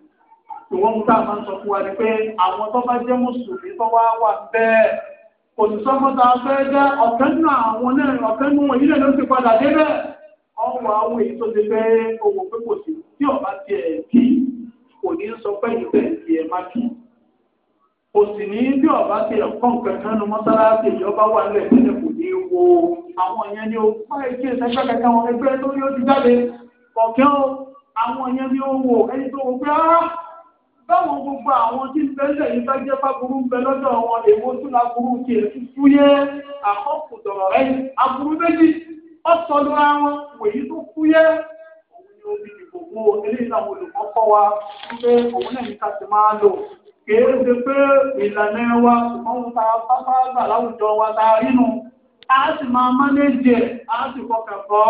S1: ìwọ́n tá a sọ fún wa ni pé àwọn tó bá jẹ́ mùsùlùmí tó wá wà bẹ́ẹ̀ kò sì sọ́kọ́ tá a fẹ́ jẹ́ ọ̀kẹ́ nù àwọn náà ọ̀kẹ́ nù wọ̀nyí lè ló ti padà débẹ̀ ọ̀wọ̀ àwọn èyí tó ti fẹ́ owó pé kò sí tí ọba tiẹ̀ kí kò ní sọ pé ìfẹ́ tiẹ̀ má kí kò sì ní bí ọba tiẹ̀ kọ́ nǹkan kan nu mọ́sálásí ìjọba wà lẹ̀ tẹ́lẹ̀ kò ní wo àwọn yẹn ni ó fẹ́ kí ẹ̀sẹ̀ kankan wọn ẹgbẹ́ lórí ó ti jáde àwọn yẹn ni ó wò ẹni tó wọ pé á ah, báwọn gbogbo àwọn tí ń bẹ́lẹ̀ yìí bá jẹ́ fáburú ń bẹ lọ́dọ̀ wọn èwo tún láburú ti ètú fúyé àkọ́kù dọ̀rọ̀ rẹ̀ aburú méjì ọ̀sọ̀dọ̀ àwọn wòye tó fúyé òun ni omi ìgbòho eléyìí náà olùkọ́ kọ́ wa wípé òun náà ní ká ti máa lò kìí ṣe pé ìlànà wa ṣùgbọ́n wọn ta pápá gbà láwùjọ wa ta rínú a sì máa mánéjì a sì kọkẹ̀ kọ́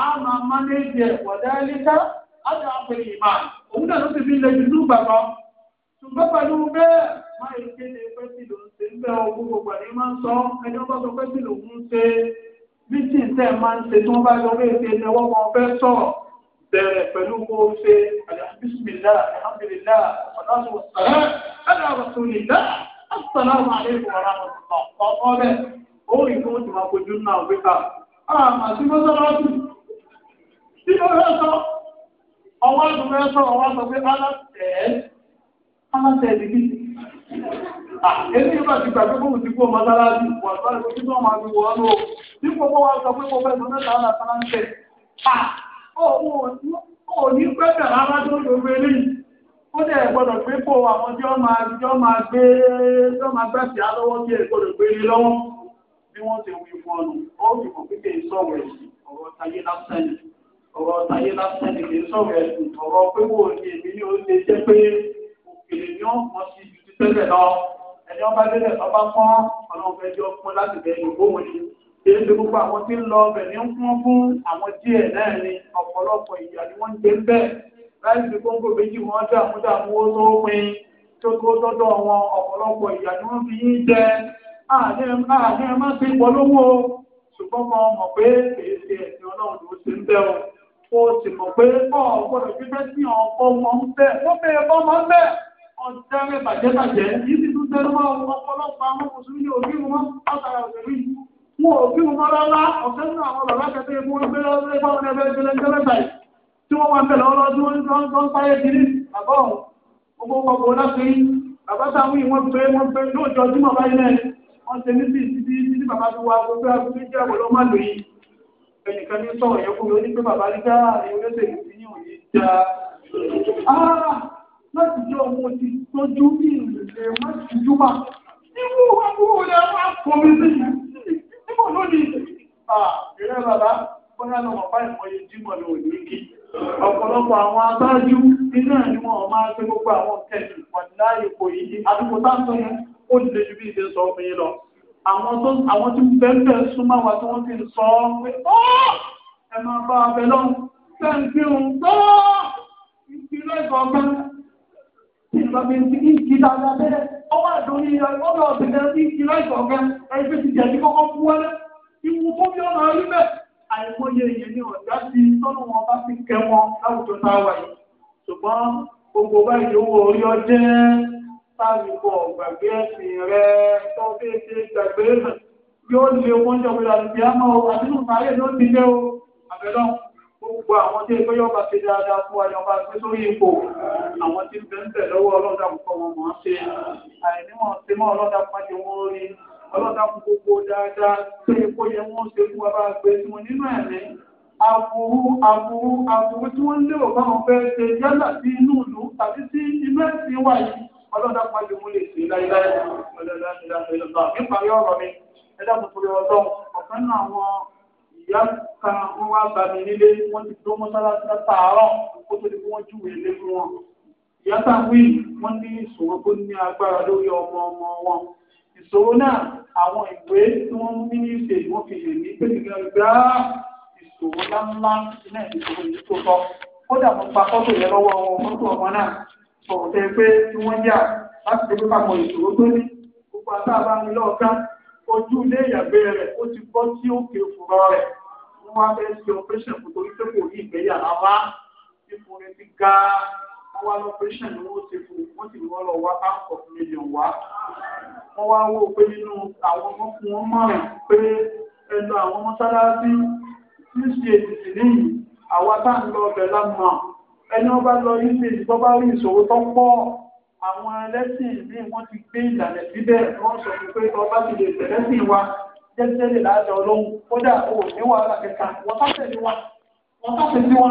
S1: a máa mánéjì wọ̀dẹ́ líka á pè òun náà ló ti fi lè dúdú gbàgbọ́ ṣùgbọ́n pẹ̀lú bẹ́ẹ̀ máa yẹ kéde pé tí lòun ṣe ń bẹ owó gbogbo àdé máa ń sọ ẹni wọn bá sọ pé tí lòun ń ṣe mítìn tẹ́ máa ń ṣe tí wọ́n bá yọ pé ṣe ni wọ́n mọ fẹ́ sọ̀rọ̀ bẹ̀rẹ̀ pẹ̀lú kó o ṣe alihamidulilá alihamidulilá ọ̀sán asalaamu aleykum wa rahmatulah ọ̀pọ̀ bẹ́ẹ̀ ó rí kí wọ́n ti máa kojú náà wípé a ah, máa ti mọ́sálásí ọwọ́ ọdún mẹ́rin sọ̀rọ̀ wá sọ pé alátẹ̀ẹ́ alátẹ̀ẹ́ ti bí. èmi yóò bá ti gbàgbé fóun ti kú ọmọ aláàbí wà lọ́rẹ̀ kó títí wọn máa fi wọ́n lò bí kò bọ́ wá sọ pé mo fẹ́ sọ mẹ́ta alátẹ̀ alátẹ̀ ò ní pẹ́ bẹ̀rẹ̀ alájọ́ lórí eléyìí ó dẹ̀ gbọ́dọ̀ pé kó àwọn tí wọ́n máa tí wọ́n máa gbé tí wọ́n máa gbà sí alọ́wọ́ kí ẹ gbọ́dọ̀ gbé ní lọ́wọ́ bí wọ́n ti wí fún ọ nù ó fi mọ̀ pé kì í sọ̀rọ̀ ẹ̀sìn ọ̀rọ̀ tayé lásán yìí ọ̀rọ̀ táyé lásán ni kìí sọ̀rọ̀ ẹ̀sùn ọ̀rọ̀ pé wò ní èmi ní oúnjẹ jẹ́ pé òkèlè ni ó mọ̀ sí ju ti tẹ́lẹ̀ lọ ẹni ọba délẹ̀ ọba pọ́n ọlọ́run ẹjọ́ pọ́n láti bẹ̀rẹ̀ ìgbó wọn ni èyí ti gbogbo àwọn tí ń lọ ọbẹ̀ ní ń kún fún àwọn díẹ̀ náà ni ọ̀pọ̀lọpọ̀ ìyà ni wọ́n ń gbé bẹ́ẹ̀ láì fi kóńgò méjì wọn dààmú dààmú ó tó pin tó tó tọ́dọ̀ wọn ọ̀pọ̀lọpọ̀ ìyà ni wọ́n fi yín jẹ àárín ẹ má ti pọ̀ lówó ṣùgbọ́n mo mọ̀ pé èsì ẹ̀sìn ọlọ́run ló ṣe ń bẹ́ wọn kó o sì mọ̀ pé ọ̀ gbọ́dọ̀ fífẹ́ sí ọkọ̀ ọmọ ń bẹ̀ ó bẹ̀rẹ̀ bọ́ ọmọ ń bẹ̀ ọ̀dẹ́rẹ́ bàjẹ́bàjẹ́ yìí ti tún tẹnu mọ́ ọ̀pọ̀lọpọ̀ àwọn mùsùlùmí ní òbí wọn látara òṣèlú yìí wọn ò bí wọn rárá ọ̀sẹ̀ nínú ẹnìkan ní sọ̀rọ̀ yẹn fún mi ó ní pé bàbá rí dáa ní ah, olóṣèlú ti ní òní já. Ah, láti jẹ́ ọmọ ti tọ́jú bí ìrìnlẹ̀ wọ́n ti júbà. nínú àbúrò rẹ̀ wá fọ́ mi sí i nígbà lónìí. ìrẹ́ bàbá bóyá lọ́mọ báyìí mọ iye jímọ̀ ló ní kí. ọ̀pọ̀lọpọ̀ àwọn aṣáájú iná ni wọ́n máa ń gbé gbogbo àwọn kẹ̀kẹ́ wọ̀nyí láàyè kò yí àdúgbò táwọn ó lè ju bí ìṣe sọ fún yín lọ àwọn tó àwọn tí bẹ́ẹ̀ súnmọ́ wa tí wọ́n ti ń sọ ọ́ pé ọ́ ẹ máa bá abẹ lọ fẹ́ ń fi hùn tó ìpínlẹ̀ ìkọ̀ọ̀kan ìgbàgbé ti kí kí dáadáa bẹ́ẹ̀ ọwọ́ àdórí ọ̀dọ̀ ọ̀sẹ̀kẹ́ sí ìpínlẹ̀ ìkọ̀ọ̀kan ẹgbẹ́ ti jẹ̀bi kọ́kọ́ fún wọn lẹ́ ìwù tó bí ọ̀nà rí bẹ́ẹ̀ àìmọye èèyàn ni ọ̀dá ti tọ́nù wọn bá ti kẹ́ wọn láwùjọ táwa yìí ṣùgbọ́n gbogbo báyìí owó orí ọjẹ́ sáàlùkọ gbàgbé ẹ̀sìn rẹ tó bí ṣe gbàgbé rẹ yóò lé owó ń jọba àti àmọ́ àdínú ayé ló ti lé o àbẹ̀lọ́ gbogbo àwọn tí ẹgbẹ́ yọba ṣe dáadáa fún ayọba ṣe sórí ipò àwọn tí ń bẹ ń bẹ lọ́wọ́ ọlọ́dà púpọ̀ wọn mọ̀ ọ́n ṣe àìníwọ̀n ṣe mọ́ ọlọ́dà pàdé wọn rí ọlọ́dà fún gbogbo dáadáa tó yẹ yẹ wọ́n ṣe fún wa bá gbé sí wọn nínú ẹ̀mí aburú aburú aburú tí wọ́n lérò báwọn fẹ́ ṣe yálà sí inú ìlú tàbí sí inú ẹ̀sìn wáyé ọlọ́dà pàdé mú lè ṣe láíláí ọlọ́dà nípa yọ̀rọ̀ mi ẹ̀dá kòkòrò ọlọ́run ọ̀kan náà wọn ìyá kan wọn wá bá mi nílé wọn ti dó mọ́sálásí látàárọ̀ di kí wọ́n júwèé lé fún wọn ìyá táwí wọn ní ìṣòro tó ní agbára lórí ọmọ ọmọ wọn ìṣòro náà àwọn ìwé tí wọ́n mú ní ìṣe wọ́n fi lè ní pẹ̀lú gbá ìṣòro ńláńlá náà ìṣòro tó tọ́ kódà mo pa fọ́tò yẹn lọ́wọ́ wọn fọ́tò ọmọ náà ọ̀tẹ̀ pé tí wọ́n yà láti fi pípa mọ ìṣòro tó ní gbogbo àtà bá mi lọ́ọ̀ká ojú ilé ìyàgbé rẹ̀ ó ti bọ́ sí òkè fúnra rẹ̀ wọ́n wá fẹ́ ṣe operation kò torí pé kò rí ìgbéyà rárá tí fúnni ti ga wọ́n wá lọ́pẹ́ṣẹ̀ ni wọ́n ti fún wọ́n sì wọ́n lọ wá half of million wá wọ́n wá wó pé nínú àwọn ọmọ fún wọn mọ̀ràn pé ẹnu àwọn mọ́sálásí ṣíṣe ètìtì níyì àwa tá à ń lọ ọbẹ̀ lámọ̀ ẹni ọba lọ ilé tó bá rí ìṣòro tó pọ̀ àwọn ẹlẹ́sìn míì wọ́n ti gbé ìlànà síbẹ̀ wọ́n sọ pé ọba ti lè tẹ̀lẹ́sìn wa jẹ́jẹ́lẹ̀ láàjọ ọlọ́run kódà ò ní wàhálà kẹta wọ́n sáfẹ́ sí wa wọ́n sáfẹ́ sí wa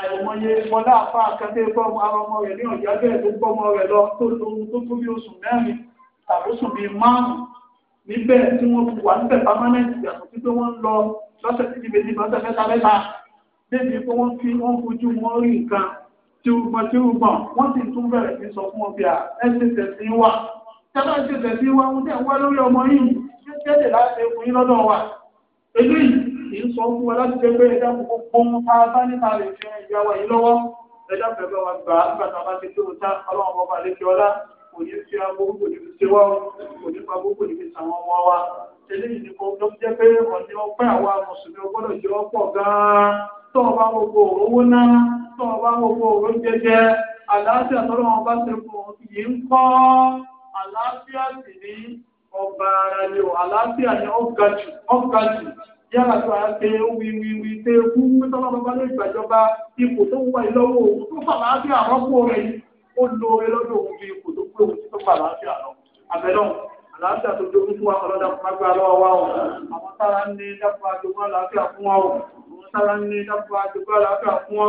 S1: àìmọye mọ́lá àpá àkàtẹ́ gbọ́mọ ara ọmọ rẹ̀ ní ọ̀yá bẹ́ẹ̀ tó gbọ́mọ rẹ̀ lọ tó lóhun tó tó bí oṣù mẹ́rin tàbí oṣù bíi márùn-ún níbẹ̀ tí wọ́n wà níbẹ̀ pámánẹ́ǹtì àtúntí pé wọ́n ń lọ lọ́sẹ̀ tí ti bèèrè lọ́sẹ̀ mẹ́ta mẹ́ta débi pé wọ́n fi wọ́n fojú wọn rí nǹkan tí ó gbọ́n tí ó gbọ́n wọ́n sì tún bẹ̀rẹ̀ sí sọ fún ọbẹ̀ ẹ̀sìn tẹ̀sí wa tẹ́lá ẹ̀sìn tẹ̀sí wa ń tẹ̀ wá lórí ọmọ yìí tí ó tẹ́lẹ̀ láti ẹkùn yín lọ́dọ̀ wa eléyìí kì í sọ fún wa láti jẹ́ pé ẹ̀dá gbogbo ohun tá a bá níta lè fi ìyá wa yìí lọ́wọ́ ẹ̀dá fẹ̀fẹ̀ wa gbà nígbà tá a bá ti dúró tá ọlọ́run ọba àlejò ọlá kò ní fi agbóhùn kò ní fi ṣe wá kò ní fi agbóhùn kò ní fi sàwọn ọmọ wa eléyìí ni mo lọ jẹ́ pé ọ̀nì ọpẹ́ àwa mùsùlùmí ọgbọ́dọ̀ jẹ́ ọ̀pọ̀ gan-an tó ọba gbogbo owó náà tó ọba gbogbo owó jẹjẹ àlàáfíà tó lọ́wọ́ bá ṣe fún un yìí ń kọ́ àlàáfíà sì ní ọba ara ni o àlàáfíà ni ó ga jù ó ga jù yára tó a ṣe wíwíwí ṣe kú tọ́lá bàbá lè gbàjọba ipò tó wà lọ́wọ́ òun tó fà láàfíà rọ́pò rẹ̀ ó lo eré lọ́dọ̀ òun fi ipò tó pé òun tó fà láàfíà lọ àbẹ̀lọ́hùn àlàáfíà tó jogún fún wa ọlọ́dà fún agbára lọ́wọ́ wa o àwọn sára ń ní dápọ̀ àjogún àlàáfíà fún wa o àwọn sára ń ní dápọ̀ àjogún àlàáfíà fún wa o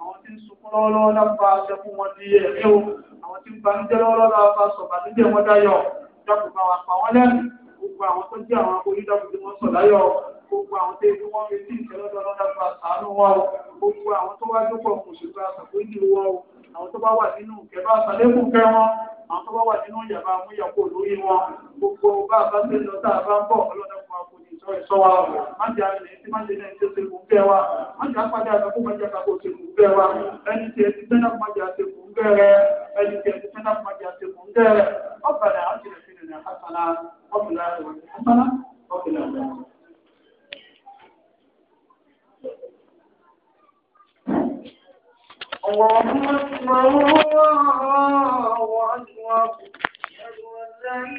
S1: àwọn tí ń sunkún lọ́wọ́lọ́wọ́ dápọ̀ àṣẹ fún wọn di ẹ̀mí o àwọn tí ń banújẹ́ lọ́wọ́lọ́wọ́ dápọ̀ àṣọ bàdújẹ́ wọn dáyọ̀ dápọ̀ bá wa pa wọ́n lẹ́nu gbogbo àwọn tó jẹ́ àwọn aboyún dápọ̀ àwọn tó bá wà nínú kẹbá àtàlékù kẹ wọn àwọn tó bá wà nínú yàrá amúyàpọ̀ lórí wọn gbogbo bá a bá ṣe lọ tá a bá ń bọ̀ ọlọ́dọ̀kùn akọni ìṣọ́ ìṣọ́ wa májà rẹ̀ tí májà rẹ̀ ti ṣe kùn bẹ́ẹ̀ wa májà padà àtàkùn májà kàkó ṣe kùn bẹ́ẹ̀ wa ẹni tí ẹ ti tẹ́lá májà ṣe kùn bẹ́ẹ̀ rẹ ẹni tí ẹ ti tẹ́lá májà ṣe kùn bẹ́ẹ̀ rẹ ọ̀bàdà àti ìrẹsì rẹ̀ ní àkàtàlà ọ̀bìnrin àti ìrẹsì اللهم اكبر الله اكبر اشهد ان لا اله